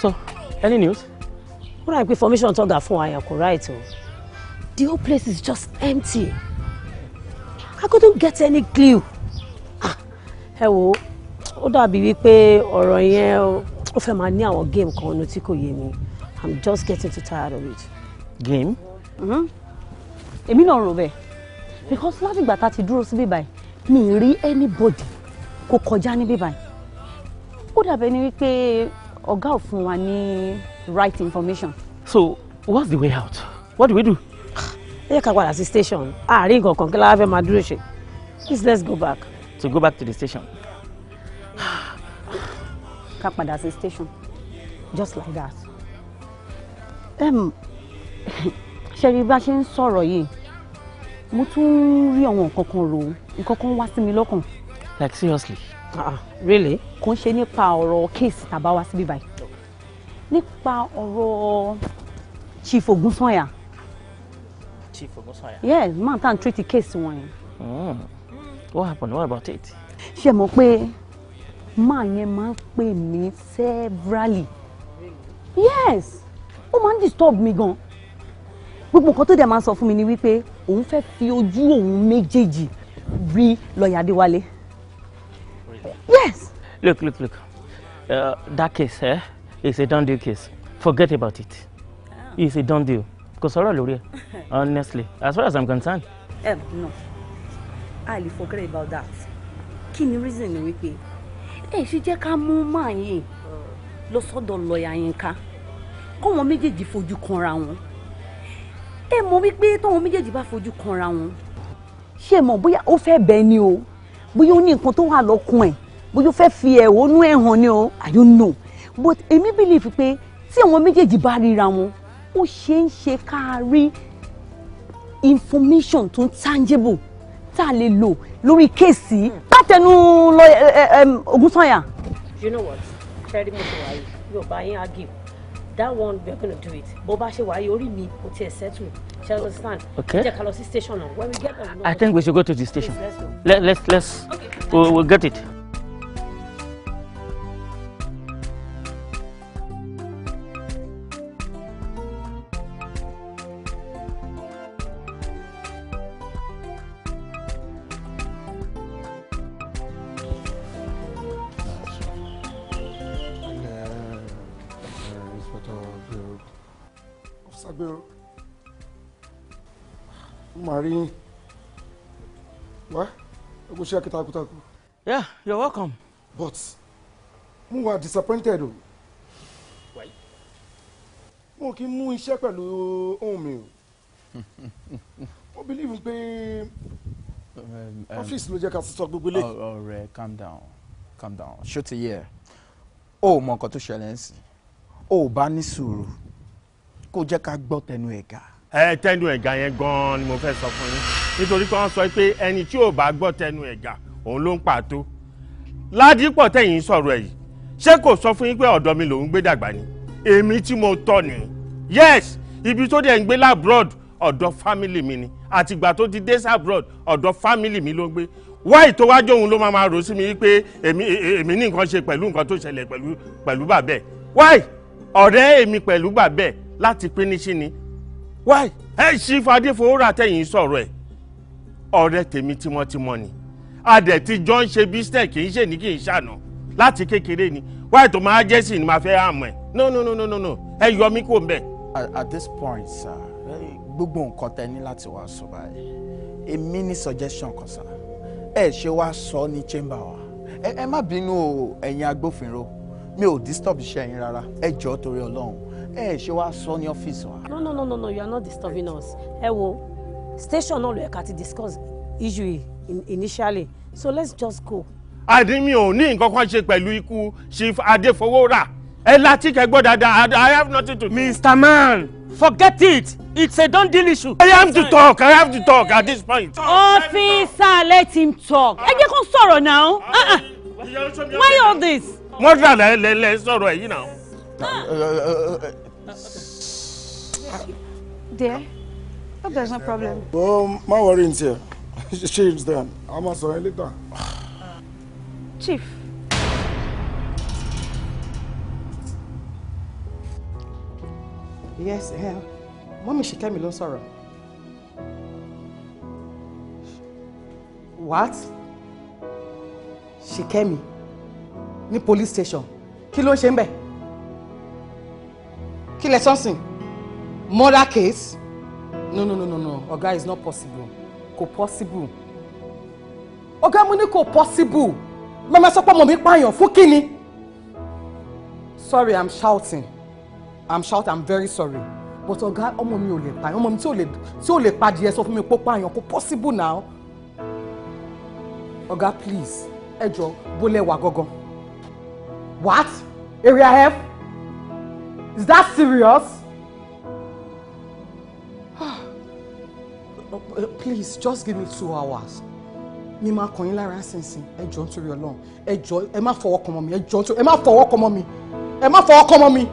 So, any news? Ó I pé information tó that phone I yẹn kò right The whole place is just empty. I couldn't get any clue. Ah, ẹ wo, ó dàbí wípé ọ̀rọ̀ yẹn ó fẹ́ máa ní àwọn game kan ọ̀nà tí kò yé mi. I'm just getting too tired of it. Game? Hmm? Èmi náà rò bẹ́ẹ̀ because láti ìgbà tá a ti dúró síbí báyìí mi ì rí anybody kó kọjá níbí báyìí. Ó dàbí ẹni wípé ọ̀gá ò fún wa ní right information. so what's the way out what do we do. ẹ jẹ́ ká padà sí station àárín nǹkan kan kí lára fẹ́ máa dúró ṣe please let's go back. to go back to the station. ká padà sí station just like that. ṣe rí bá ṣe ń sọ̀rọ̀ yìí mo tún rí àwọn nǹkan kan rò nǹkan kan wá sí mi lọ́kàn. like seriously. Ah, really? kò ń ṣe nípa ọ̀rọ̀ kéèsì tàbá wá síbí báyìí nípa ọ̀rọ̀ chief Ogunsanya. chief Ogunsanya. yes man tan treat the case wọn Mm. what happened what about it. ṣe mọ̀ pé máa yẹn máa ń pè mí severally yes ó máa ń disturb mi gan gbogbo nǹkan tó dẹ̀ máa ń sọ fún mi ni wípé òun fẹ́ fi ojú òun méjèèjì rí lọ́ọ̀yà Adéwálé. Yes. Look, look, look. Uh, that case eh, is a done deal case. Forget about it. Oh. It's a done deal. Kò sọ̀rọ̀ lórí ẹ̀. Honestly, as far as I'm concerned. Um, no. I'll forget about that. Kí ni reason ni wípé ẹ ṣe jẹ́ ká mú máa yín lọ sọ́dọ̀ lọ́ọ̀yà yín ká kọ́wọn méjèèjì fojú kanra wọn ẹ mọ̀ wípé tọ́wọn méjèèjì bá fojú kanra wọn ṣé mọ̀ bóyá ó fẹ́ bẹ ni oh bóyá ó ní nǹkan tó wà lọ́kùn ẹ̀ bóyá ó fẹ́ fi ẹ̀hónú ẹ̀ hàn ni o i don't know but èmi believe pé tí àwọn méjèèjì bá ríra wọn ó ṣe é ṣe ká rí information tó tangible tá a lè lò lórí kéèsì hmm. látẹnu Ògúnsànyà. you know what fẹ́rí mo ti wà yìí yóò bá yín argue that one we are gonna do it bó bá ṣe wà yìí orí mi kò tiẹ̀ settle She understand. Okay. okay. I think we should go to the station. let's Let, let's let's okay. we'll, we'll get it. rí yín wá ogun ṣe kìtàkùtàkù. yeah you're welcome. but mo wà disappointed o mo kì í mú iṣẹ́ pẹ̀lú ohun mi o mo believe pé ọ́fíìsì um, um, ló jẹ́ ká sọ gbogbo ilé. ọ̀rẹ́ oh, oh, calm down calm down ṣó ti yẹ o ò mọ nǹkan tó ṣẹlẹ̀ ń sìn o bá ní sùúrù kó jẹ́ ká gbọ́ tẹnu ẹ̀ ga ẹ tẹnu ẹ̀gà yẹn gan-an ni mo fẹ́ sọ fún yín nítorí pé wọ́n sọ pé ẹni tí ò bá gbọ́ tẹnu ẹ̀gà òun ló ń pàtó ládìpọ̀ tẹ̀yìn sọ̀rọ̀ ẹ̀ yìí ṣé kò sọ fún yín pé ọ̀dọ̀ mi lòún gbé dàgbà ni èmi tí mo tọ́ ni yes ibi tó dẹ̀ ń gbé labroad ọ̀dọ̀ family mi ni àtìgbà tó ti dé sabroad ọ̀dọ̀ family mi ló ń gbé wáì tó wájú òun ló máa ma rò sí mi wípé èmi èmi ní nǹkan ṣe pẹ̀lú nǹkan tó ṣẹlẹ̀ pẹ̀lú pẹ̀lú bàbẹ́ wáì ọ̀rẹ́ èmi pẹ̀lú bàbẹ́ láti pínísí ni wáì ẹ ṣí fadéfowórà tẹ̀yìn sọ̀rọ̀ ẹ̀ ọ̀rẹ́ tèmi tímọ́tímọ́ ni adẹ̀ tí jọ ń ṣe business kì í ṣe ní kì í ṣàná láti kékeré ni wáì tó máa jẹ́ sí ni máa fẹ́ àmọ́ ẹ̀ no no no no no no ẹ yọ mí kó mbẹ. at this point sir gbogbo nǹkan tẹ ní láti wá sọ báyìí èmi ní suggestion kan sir ẹ ṣe wá sọ ní chamber wa ẹ má bínú ẹ̀yin agbófinró mi ò disturb iṣẹ́ yín rárá ẹ jọ̀ọ́ torí Ọlọ́run ẹ ṣe wá sọ ní ọ́fíìsì wa. no no no no no you are not disturbing us ẹ wo station náà ló yẹ ká discuss issue initially so let's just go. àdìmí ò ní nǹkan kan ṣe pẹ̀lú ikú chief adéfowóra ẹ láti kẹgbọ́ dáadáa i have nothing to do. mr man forget it it's a done deal issue. i have to talk i have to talk at this point. officer let him talk ẹ jẹ́ kó sọ̀rọ̀ now uh, uh. why all this. wọ́n rà lẹ́lẹ́lẹ́ sọ̀rọ̀ ẹ̀yìn náà. Dear, hope there's no problem. Well, my worry is here. She's done. I'm a sorry later. Chief. Yes, eh. Mommy, she came alone, sorrow. What? She came me. ní police station. Kí ló kílẹ̀ something murder case no no no no no Oga is not possible kò possible Oga, mo ní kò possible mama sọ pé ọmọ mi pààyàn fún kíni sorry i'm shouting i'm shouting i'm very sorry but Oga, ọmọ mi ò lè pààyàn ọmọ mi tí ò lè tí ò lè padìyẹ sọ fún mi pé pààyàn kò possible now Oga, please ẹ jọ bó wà gangan what area f. Is that serious? Ah. Oh, oh, please, just give me two hours. Mi máa kàn yín lára ṣinṣin, ẹ jọ̀ọ́ nítorí Ọlọ́run, ẹ jọ̀ọ́ ẹ má fọwọ́ kàn mọ́ mi, ẹ jọ̀ọ́ nítorí ẹ má fọwọ́ kàn mọ́ mi, ẹ má fọwọ́ kàn mọ́ mi.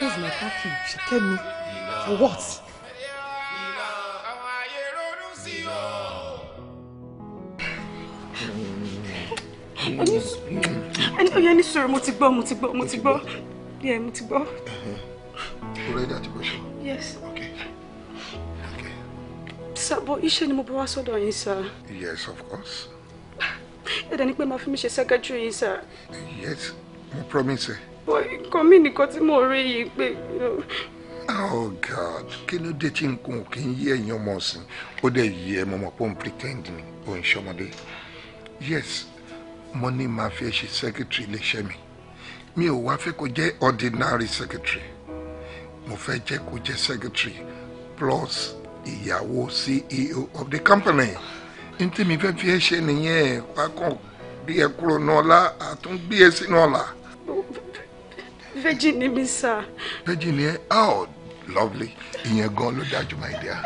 Where's my parking? She kept me for what? Are you ẹni ò yẹ ní sọ̀rọ̀ mo ti gbọ́ mo ti gbọ́ mo ti gbọ́ yẹ mo ti gbọ́. o rẹ́dí uh-huh. àti bọ́ṣọ. yes. okay. okay. sir bọ iṣẹ́ ni mo bọ́ wá sọ́dọ̀ yín sir. yes of course. ẹ dẹ̀ ni pé màá fi mi ṣe secretary yín sir. yes mo promise. bọ ikọ̀ mi nìkan tí mo rí yìí pé. Oh God, kí ló dé tí nǹkan ò kí ń yí ẹ̀yin ọmọ ọ̀sìn? Ó dẹ̀ yí ẹ̀ mọ̀mọ́ pọ́ǹpì tẹ́ndì ni, ò ṣọmọdé. Yes, Money, ní màá ṣe secretary iléeṣẹ́ mi mi ò wá fẹ́ kó jẹ́ ordinary secretary mo fẹ́ jẹ́ kó jẹ́ secretary plus ìyàwó CEO of the company n tí mi fẹ́ fi ẹ ṣe nìyẹn pákàn bí ẹ kúrò náà la àtúngbé ẹ sínú ọ̀la. virgin ni mi sá. virgin ni ẹ how lovely ìyẹn gan ló dájú my dear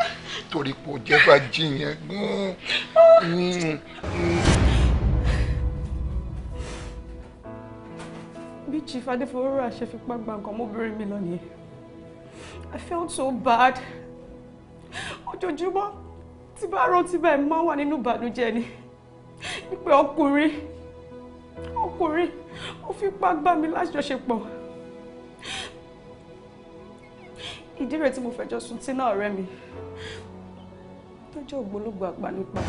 torí pé jẹ́ bá yẹn gan. Mm, mm. bí chief adéfowóró àṣẹ fipá gba nǹkan mọ́bìnrin mi lónìí i felt so bad ojoojúmọ́ tí bá rántí báyìí máa ń wà nínú ìbànújẹ́ ni wípé ọkùnrin ọkùnrin ó fipá gbá mi lájọṣepọ̀ ìdí rẹ̀ tí mo fẹjọ́ sùn tí náà ọ̀rẹ́ mi tọ́jọ́ ògbólógbò àgbà nípa.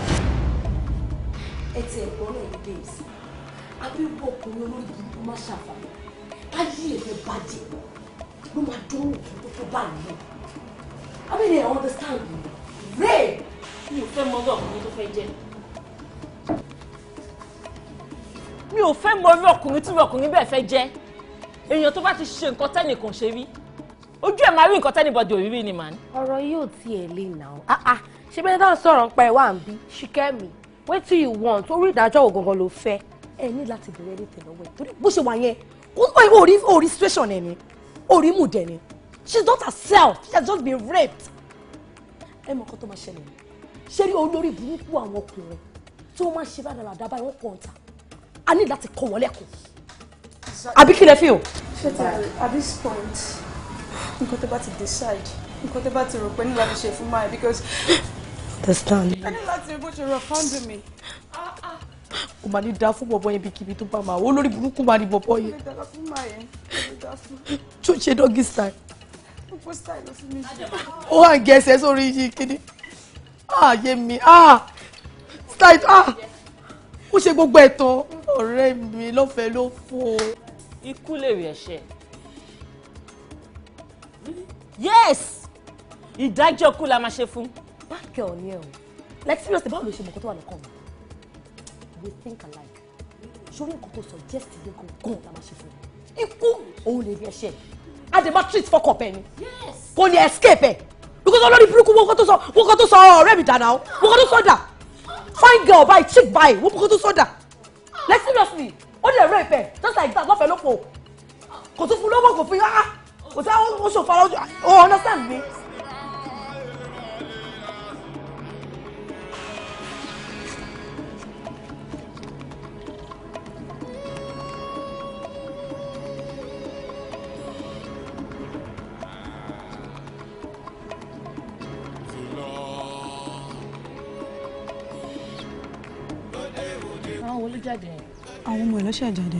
ẹ ti ẹ̀gbọ́n rẹ̀ dé ìsìn abẹ́wò ọkùnrin olórí burúkú má ṣàfàmì káyé ẹ̀fẹ̀ bàjẹ́ ló máa dánwò tó tó báyìí lọ abẹ́rẹ́ àwọn understand mi rẹ̀ mi ò fẹ́ mọ ọgbà ọkùnrin tó fẹ́ jẹ́ mi ò fẹ́ mọ orí ọkùnrin tí ọkùnrin bẹ́ẹ̀ fẹ́ jẹ́ èèyàn tó bá ti ṣe nǹkan tẹ́nìkan ṣe rí ojú ẹ̀ máa rí nǹkan tẹ́nìbọ̀dì òrírí ni màá ní. ọ̀rọ̀ yóò tiẹ̀ lè nà ọ́ ah, ah. ṣé bẹ́ẹ̀ náà sọ̀rọ̀ ń pa ẹ̀ wá ń bí ṣìkẹ́ mi wetin you want orí ìdájọ́ ògangan ló fẹ́ ẹ ní láti bẹ̀rẹ̀ ní tẹ̀lọ́wọ́ ẹ̀ torí bó ṣe wà yẹn orí orí situation ẹ̀ ni orí mù dẹ̀ ni she's not herself she has just been raped. ẹ mọ̀ kó tó máa ṣẹlẹ̀ ni ṣé rí olórí burúkú àwọn ọkùnrin tí wọ́n máa ṣe bá dàrá dábàá wọn kàn ta a ní láti kọ̀ wọ́n lẹ́kọ̀ọ́. àbí kí lẹ fi o. ṣé at this point nǹkan tó bá ti decide nǹkan tó bá ti rò pé nígbà tó ṣe fún máa because. understand. a ní láti rí bó ṣe rọ fọ́ndù mi. Ah, ah kò máa ní dáa fún bọ̀bọ̀ yẹn bíkíbi tó bá máa wò lórí burúkú máa ní bọ̀bọ̀ yẹn. tó ṣe dọ́gí style. ó hàn gẹ̀ẹ́sẹ̀ sórí yìí kíní. ààyè mi style ó ṣe gbogbo ẹ̀tàn ọ̀rẹ́ mi lọ́fẹ̀ẹ́ ló fò. ikú lè rí ẹ̀ṣẹ̀. yes ìdájọ́ kú la máa ṣe fún. báàkì ọ̀ ni ẹ̀ o like seriously báwo ló ṣe mọ̀ kó tó wà lọ́kàn mi we think alike sórí nǹkan tó suggest yẹn gangan la máa ṣe fún un ikú òun lè rí ẹ̀ṣẹ̀ a dè máa treat fọkàn bẹ́ẹ̀ ni kò ní escape ẹ̀ because olórí burúkú wọ́n kọ́ tó sọ wọ́n kọ́ tó sọ ọ̀rẹ́ mi dànù àwọn wọ́n kọ́ tó sọ dà fine girl buy cheap, buy. wọ́n kọ́ tó sọ dà like seriously ó lè rape ẹ̀ just like that lọ́fẹ̀ẹ́ ló pọ̀ kò tún fún lọ́wọ́ kò fún yá ah, kò sí àwọn oṣù fara ọ̀ understand me. àwọn ọmọ ẹlẹ́ṣẹ̀ jáde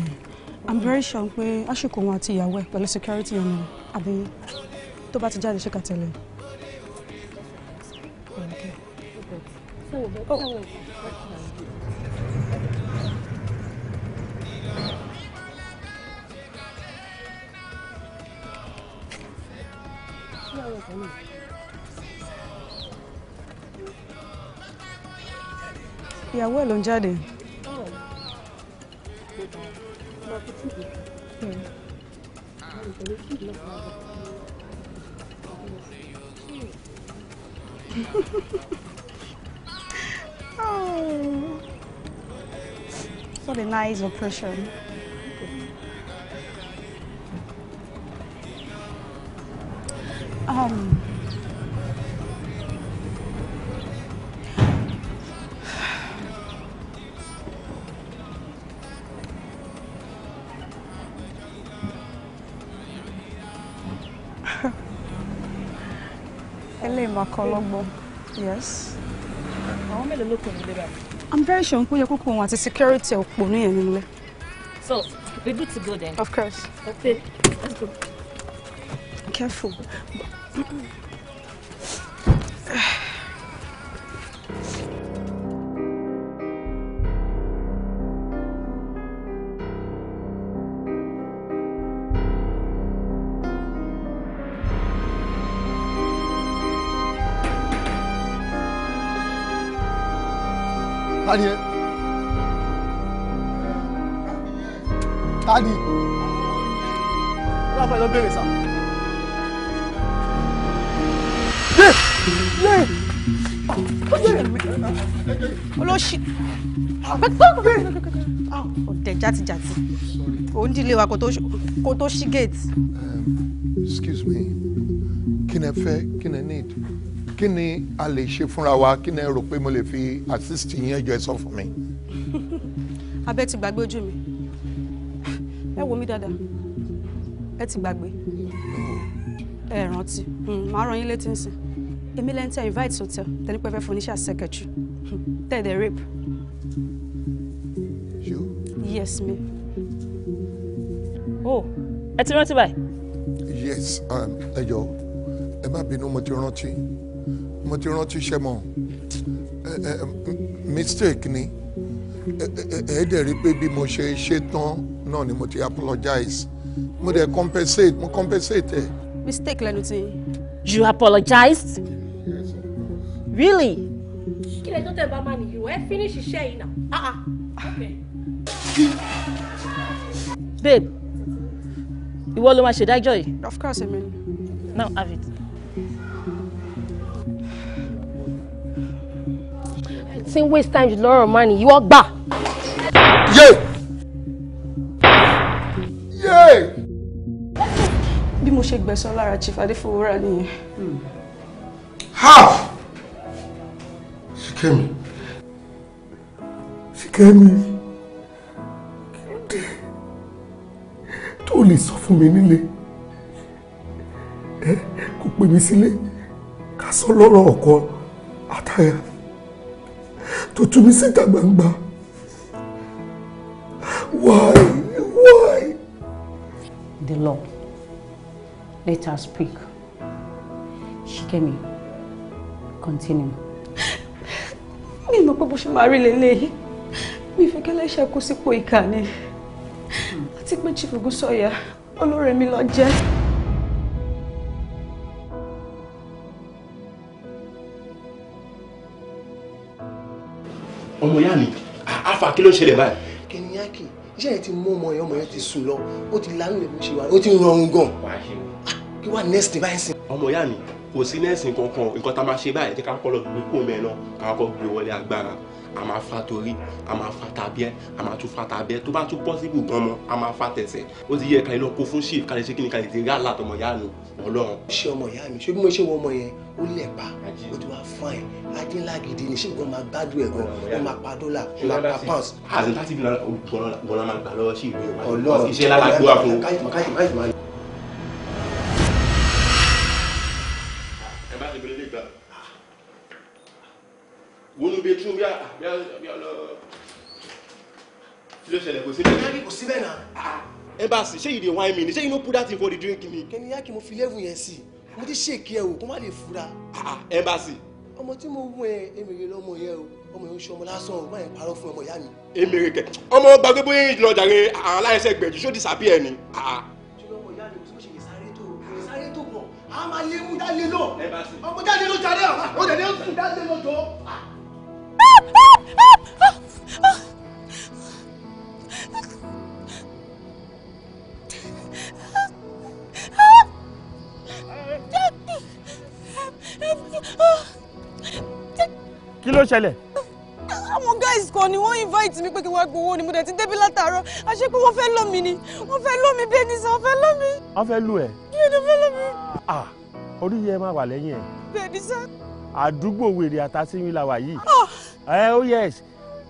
i'm very sure pé àsìkò wọn àti ìyàwó ẹ pẹ̀lú security ọ̀nà àbí tó bá ti jáde ṣe kà tẹ̀lé. Thank you. ìyàwó ẹ̀ ló ń jáde. oh, what a nice operation. Um, máa kọ́ lọ́gbọ́n yes. àwọn mélòó ló kún nílé báyìí. i'm very sure pé ó yẹ kó òun àti security ọ̀pọ̀ ní ẹ̀mí nílé. so we good to go then. of course. okay let's go. careful. ta ni ẹ ta ni ọlọ́pàá ìlọ bẹ̀rẹ̀ sá. olóṣì ọ̀dẹ̀ játijàti òun dílé wa kò tó ṣí gate. excuse me kí ni ẹ fẹ́ kí need kí ni a lè ṣe fúnra wa kí ni ẹ rò pé mo lè fi assist yín ẹjọ́ ẹ sọ fún mi. abẹ́ ti gbàgbé ojú mi ẹ wò mí dáadáa ẹ ti gbàgbé ẹ rántí hmm, màá rán yín létí nsìn èmi lẹ́ni tẹ́ invite hotel tẹ́ni pẹ́ fẹ́ foniṣà secretary tẹ́ẹ̀dẹ̀ rape. you. yes me. oh ẹ ti rántí báyìí. yes um, ẹ jọ̀ọ́ ẹ má bínú mo ti rántí mo ti rántí iṣẹ́ mọ́ mistake ni ẹ̀ẹ́dẹ̀ rí pé bí mo ṣe ṣe tán náà ni mo ti apologize mo dẹ̀ compensate mo compensate ẹ̀. mistake lẹnu ti. you apologized? Yes. really? kí lè tó tẹ̀ bá máa nìyí o ẹ finish iṣẹ́ yìí náà. Ah, ah. babe ìwọ ló máa ṣèdájọ́ yìí. of course I mean. now have it. tí ń waste time jù lọ́rọ̀ máa nìyí wọ́n gbà. yé yé. bí mo ṣe gbẹ̀san lára Chief Adéfowórá nìyẹn. half hmm. Ṣìkẹ́mi Ṣìkẹ́mi kí ló dé tó lè sọ fún mi nílé ẹ kò pè mí sílé ká sọ lọ́rọ̀ ọkọ àtàyà tó tú mi síta gbangba why why. the law let her speak Shikemi. continue. mi mọ̀ pé bó ṣe máa rí lélẹ́yìí mi fẹ́ kẹ́lẹ́ ṣẹ́kù sípò ìkà ni àti pé chief Ògúnsọ̀yà olóore mi ló jẹ́. ọmọ yá mi àfà kí ló ṣẹlẹ̀ báyìí. kẹ́niyàkì iṣẹ́ yẹn ti mú ọmọ yẹn ọmọ yẹn ti sùn lọ ó ti lánú rẹ̀ bó ṣe wà ó ti rọrùn gan. Ah, kí wàá nẹ́ẹ̀sì báyìí sìn. ọmọ yá mi kò sí nẹ́ẹ̀sì kankan nǹkan tá a máa ṣe báyìí jẹ́ ká kọ́ lọ gbé kó mẹ́ẹ̀ náà ká kọ́ gbé wọlé agbára a ma fa torí a máa fa tàbíẹ́ a máa tún fa tàbíẹ́ tó bá tún possible gan mọ́ a máa fa tẹ̀sẹ̀ ó ti yẹ ká ilé ọkọ̀ fún ṣìf kálẹ̀ ṣe kí ni kálẹ̀ ti rí àlá àtọmọ ìyá mi ọlọ́run. ṣé ọmọ ìyá mi ṣé bí mo ṣe wọ ọmọ yẹn ó lẹ̀ pa ó ti wá fine adínlá gidi ni ṣéèkì máa gbádùn ẹ̀ gan ó máa pa dọ́là ó máa pa pounds. àti ah, láti fi gbọ́n máa gbà a ṣì wọnú bedroom bí a bí a bí a lọ kí ló ṣẹlẹ̀ kò síbẹ̀. kí kò síbẹ̀ náà. embassy ah, ṣé you dey whine me no put that thing for the drink ni. kẹ́ni yá kí mo fi level yẹn sí mo ti ṣèkí ẹ o kó má lè fura. embassy. Ah, ah, ọmọ tí mo wọ ẹ emèrè lọmọ yẹn o ọmọ yẹn ń ṣe ọmọ lásán o má yẹn parọ́ fún ọmọ ìyá mi. emèrè kẹ ọmọ gbàgbé bóyá ìlọjà rẹ àwọn aláìsẹ gbẹjú ṣó disappear ni. ṣé ọmọ ìyá mi kò tó ṣe lè sáré tó sáré tó bọ̀ a máa lé mú dá lé lọ ọmọ dá lé lọ jàre ọ̀ kí ló ṣẹlẹ̀. àwọn guys kan ni wọ́n invite mi pé kí wọ́n gbowó ni mo dẹ̀ ti débi látàárọ̀ àṣé pé wọ́n fẹ́ lọ mi ni wọ́n fẹ́ lọ mi bẹ́ẹ̀ ni sàn fẹ́ lọ mi. wọ́n fẹ́ lù ẹ́. kí ló fẹ́ lọ mi. Ah, orí yẹ máa wà lẹ́yìn ẹ̀. bẹ́ẹ̀ sá àdúgbò wèrè àtàsíwìn làwà yìí ẹ ó oh yes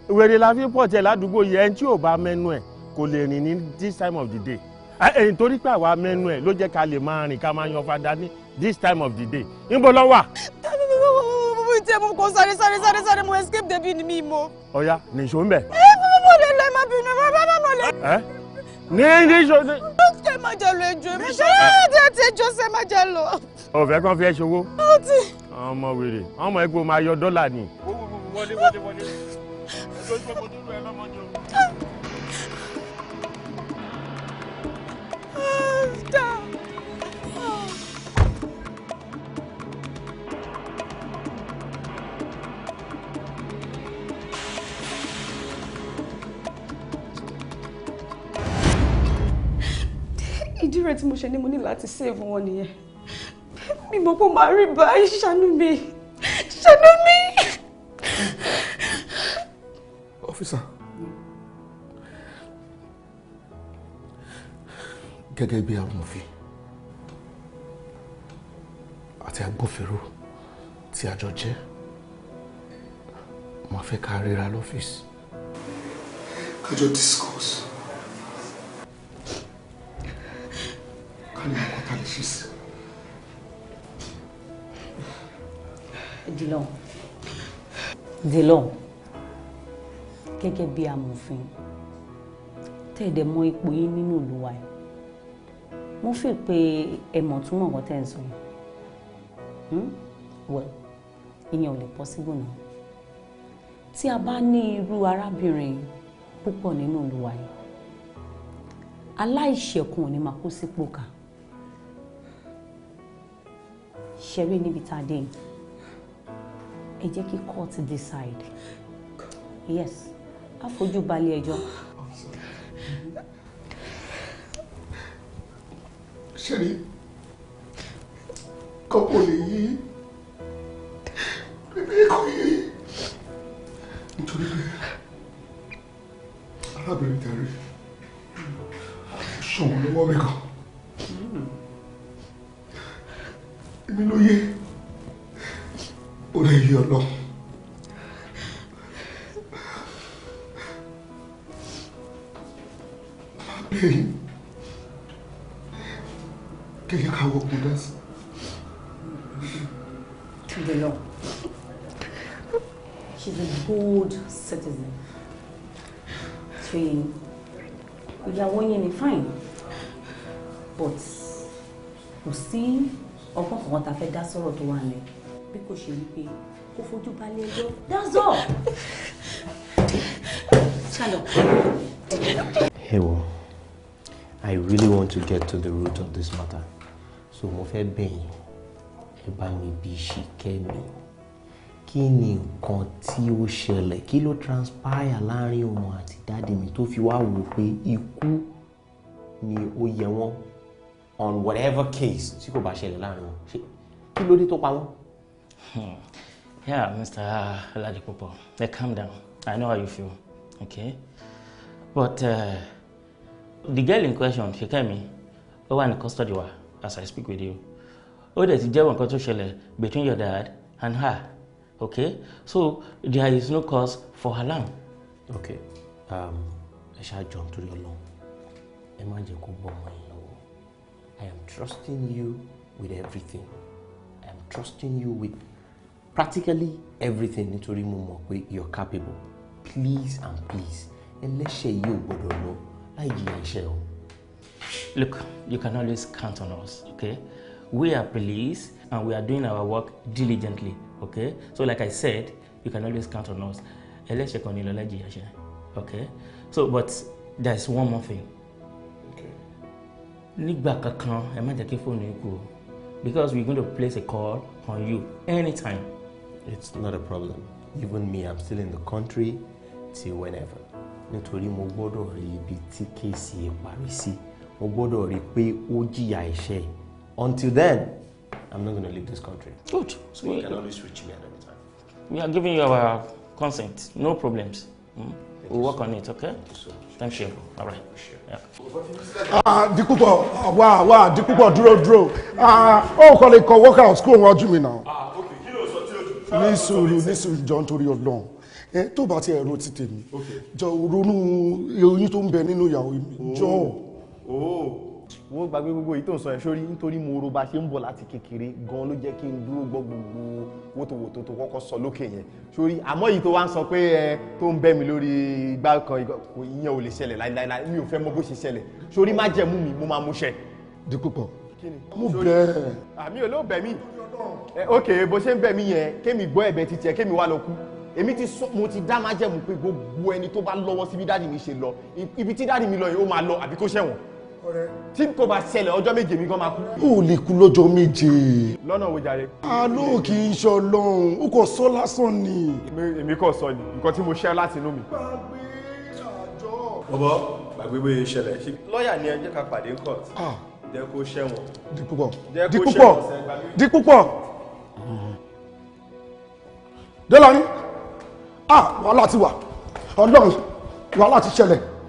wèrè la fi pọ̀ tẹ̀ ládùúgbò yìí ẹni tí ò bá mẹ́nu ẹ̀ kò lè rìn ní this time of the day ẹ̀yìn torí pé àwa mẹ́nu ẹ̀ ló jẹ́ ká lè máa rìn ká máa yan fada ní this time of the day níbo ló wà. mo ti ẹ̀ mo kò sáré sáré sáré sáré mo escape débi ni mi mọ. ọ̀ya nìṣó ń bẹ̀. ẹ mo lè lọ ẹ má bínú ẹ má mọ̀ lẹ. ní nìṣó ni. ó ti ẹ má jẹ lọ ẹjọ ẹ má jẹ ẹ ti ẹjọ ṣe má jẹ lọ. ọ̀fẹ́ kan fi ẹ ṣòwò. ó ti ọmọ wèrè ọmọ ẹgbẹ́ máa yọ dọ́là ni. wọlé wọlé wọlé ẹjọ́ ìgbẹ́ mo dúró ẹ lọ́mọdé o. ìdí rẹ̀ tí mo ṣe ní mo ní láti save wọn nìyẹn mi mọ̀ pé màá rí báyìí ṣàánú mi ṣàánú mi. ọ́fíìsà gẹ́gẹ́ bí amòfin àti agbófinró tí a jọ jẹ́ màá fẹ́ ká ríra lọ́fíìsì. ká discourse ká ní ọkọ̀ Dìlọ́n Dìlọ́n gẹ́gẹ́ bí amòfin tẹ̀dẹ̀ mọ ipò yín nínú ìlú wa yìí mo fi pé ẹ mọ̀ túmọ̀ tẹ̀ ń sọ yìí hmm? well ìyẹn ò lè possible náà tí a bá ní irú arábìnrin púpọ̀ nínú ìlú wa yìí aláìṣẹ̀kùn ò ní kó sípò kà ṣẹ́rí níbi tá a dé yìí ẹ jẹ́ kí court decide yes á fojú balẹ̀ ẹjọ́. ṣe ni kọ́pọ̀ lè yí. fojú balẹ̀ ẹjọ́ that's all. ẹ wọ I really want to get to the root of this matter so mo fẹ́ bẹ̀yìn ẹ bá mi bí ṣì kẹ́mi kí ni nǹkan tí ó ṣẹlẹ̀ kí ló transpire láàrin òun àti dáàdì mi tó fi wá wò pé ikú ni ó yẹ wọ́n on whatever case tí kò bá ṣẹlẹ̀ láàrin wọn kí ló dé tó pa wọ́n. Hmm. Yeah, Mr. Ladipopo, uh, calm down. I know how you feel, okay? But uh, the girl in question, Shikemi, ó wà ní custody wa as I speak with you. Oh, there's a jẹ́wọ́ nǹkan tó between your dad and her, okay? So there is no cause for alarm. Okay, Um, I shall jump ẹ your jẹ́ kó I am trusting you with everything. I am trusting you with practically everything nítorí mo mọ̀ pé you're capable please and please ẹlẹ́ṣẹ̀ yìí ò gbọ́dọ̀ lọ láì jìyà iṣẹ́ o. look you can always count on us okay we are police and we are doing our work diligently okay so like i said you can always count on us ẹlẹ́ṣẹ̀ kan ní lọ láì jìyà iṣẹ́ okay so but there is one more thing nígbà kankan ẹ má jẹ́ kí fóònù yín kú o because we are going to place a call on you anytime. It's not a problem. Even me, I'm still in the country till whenever. Nítorí mo gbọ́dọ̀ rí ibi tí kéèsì yìí parí sí. Mo gbọ́dọ̀ rí pé ó jìyà ẹ̀ṣẹ̀. Until then, I'm not gonna leave this country. Good. So you can always reach me at any time. We are giving you our consent. No problems. Mm? We'll work so. on it, okay? Thank you so much. Thank you. All right. Ah, Dípúpọ̀ ah, wá wá Dípúpọ̀ dúró dúró. Ah, ó kọ́ lè kọ workout school wájú mi náà ní sùúrù ní sùúrù jọ nítorí ọlọ́run ẹ tó bá ti ẹ̀rọ ti tèmi jọ ronú oyún tó ń bẹ nínú ìyàwó mi oh. jọ. Oh. wọ́n gbàgbé gbogbo yìí tó ń sọ ẹ̀ sórí nítorí mo ro bá ṣe ń bọ̀ láti kékeré gan ló jẹ́ kí n dúró gbọ́ gbogbo wótòwótò tó kọ́kọ́ sọ lókè yẹn sórí àmọ́ yìí tó wá ń sọ pé ẹ tó ń bẹ́ mi lórí igbá kan ìyẹn ò lè ṣẹlẹ̀ láíláí mi ò fẹ́ mọ bó ṣe ṣẹlẹ̀ sórí májẹ̀mú mi mo máa mú ṣẹ. dípò pọ̀ kí ni. mo bẹ̀ ẹ́. àmì ah, olóò bẹ̀ mí eh, ok bó ṣe ń bẹ̀ mí yẹn kémi gbọ́ ẹ̀bẹ̀ ti tiẹ̀ kémi wá lọ kú èmi ti sọ mo ti dá májẹ̀mú pé gbogbo ẹni tó bá lọ́wọ́ síbi dáàdì mi ṣe lọ ibi tí dáàdì mi lọ yẹn ó máa lọ àbí kó ṣẹ̀wọ̀n tí kò bá ṣẹlẹ̀ ọjọ́ méje mi gan máa kú. ó lè kú lọ́jọ́ méje. lọ́nà wo jàre. alo kì í ṣe ọlọ́run ó kò sọ lásán ni. èmi kò sọ ni nǹkan tí mo ṣe láti inú mi. gbàgbé àjọ. bọ́bọ́ gbàgbé bóyá ṣẹlẹ̀. lọ́ọ̀yà ni ẹ jẹ́ ká pàdé court. Ah jẹ́ kó ṣẹ̀wọ̀n. di púpọ̀ di púpọ̀ di púpọ̀. dọ́là ni ah wàhálà ti wà ọlọ́run wàhálà ti ṣẹlẹ̀.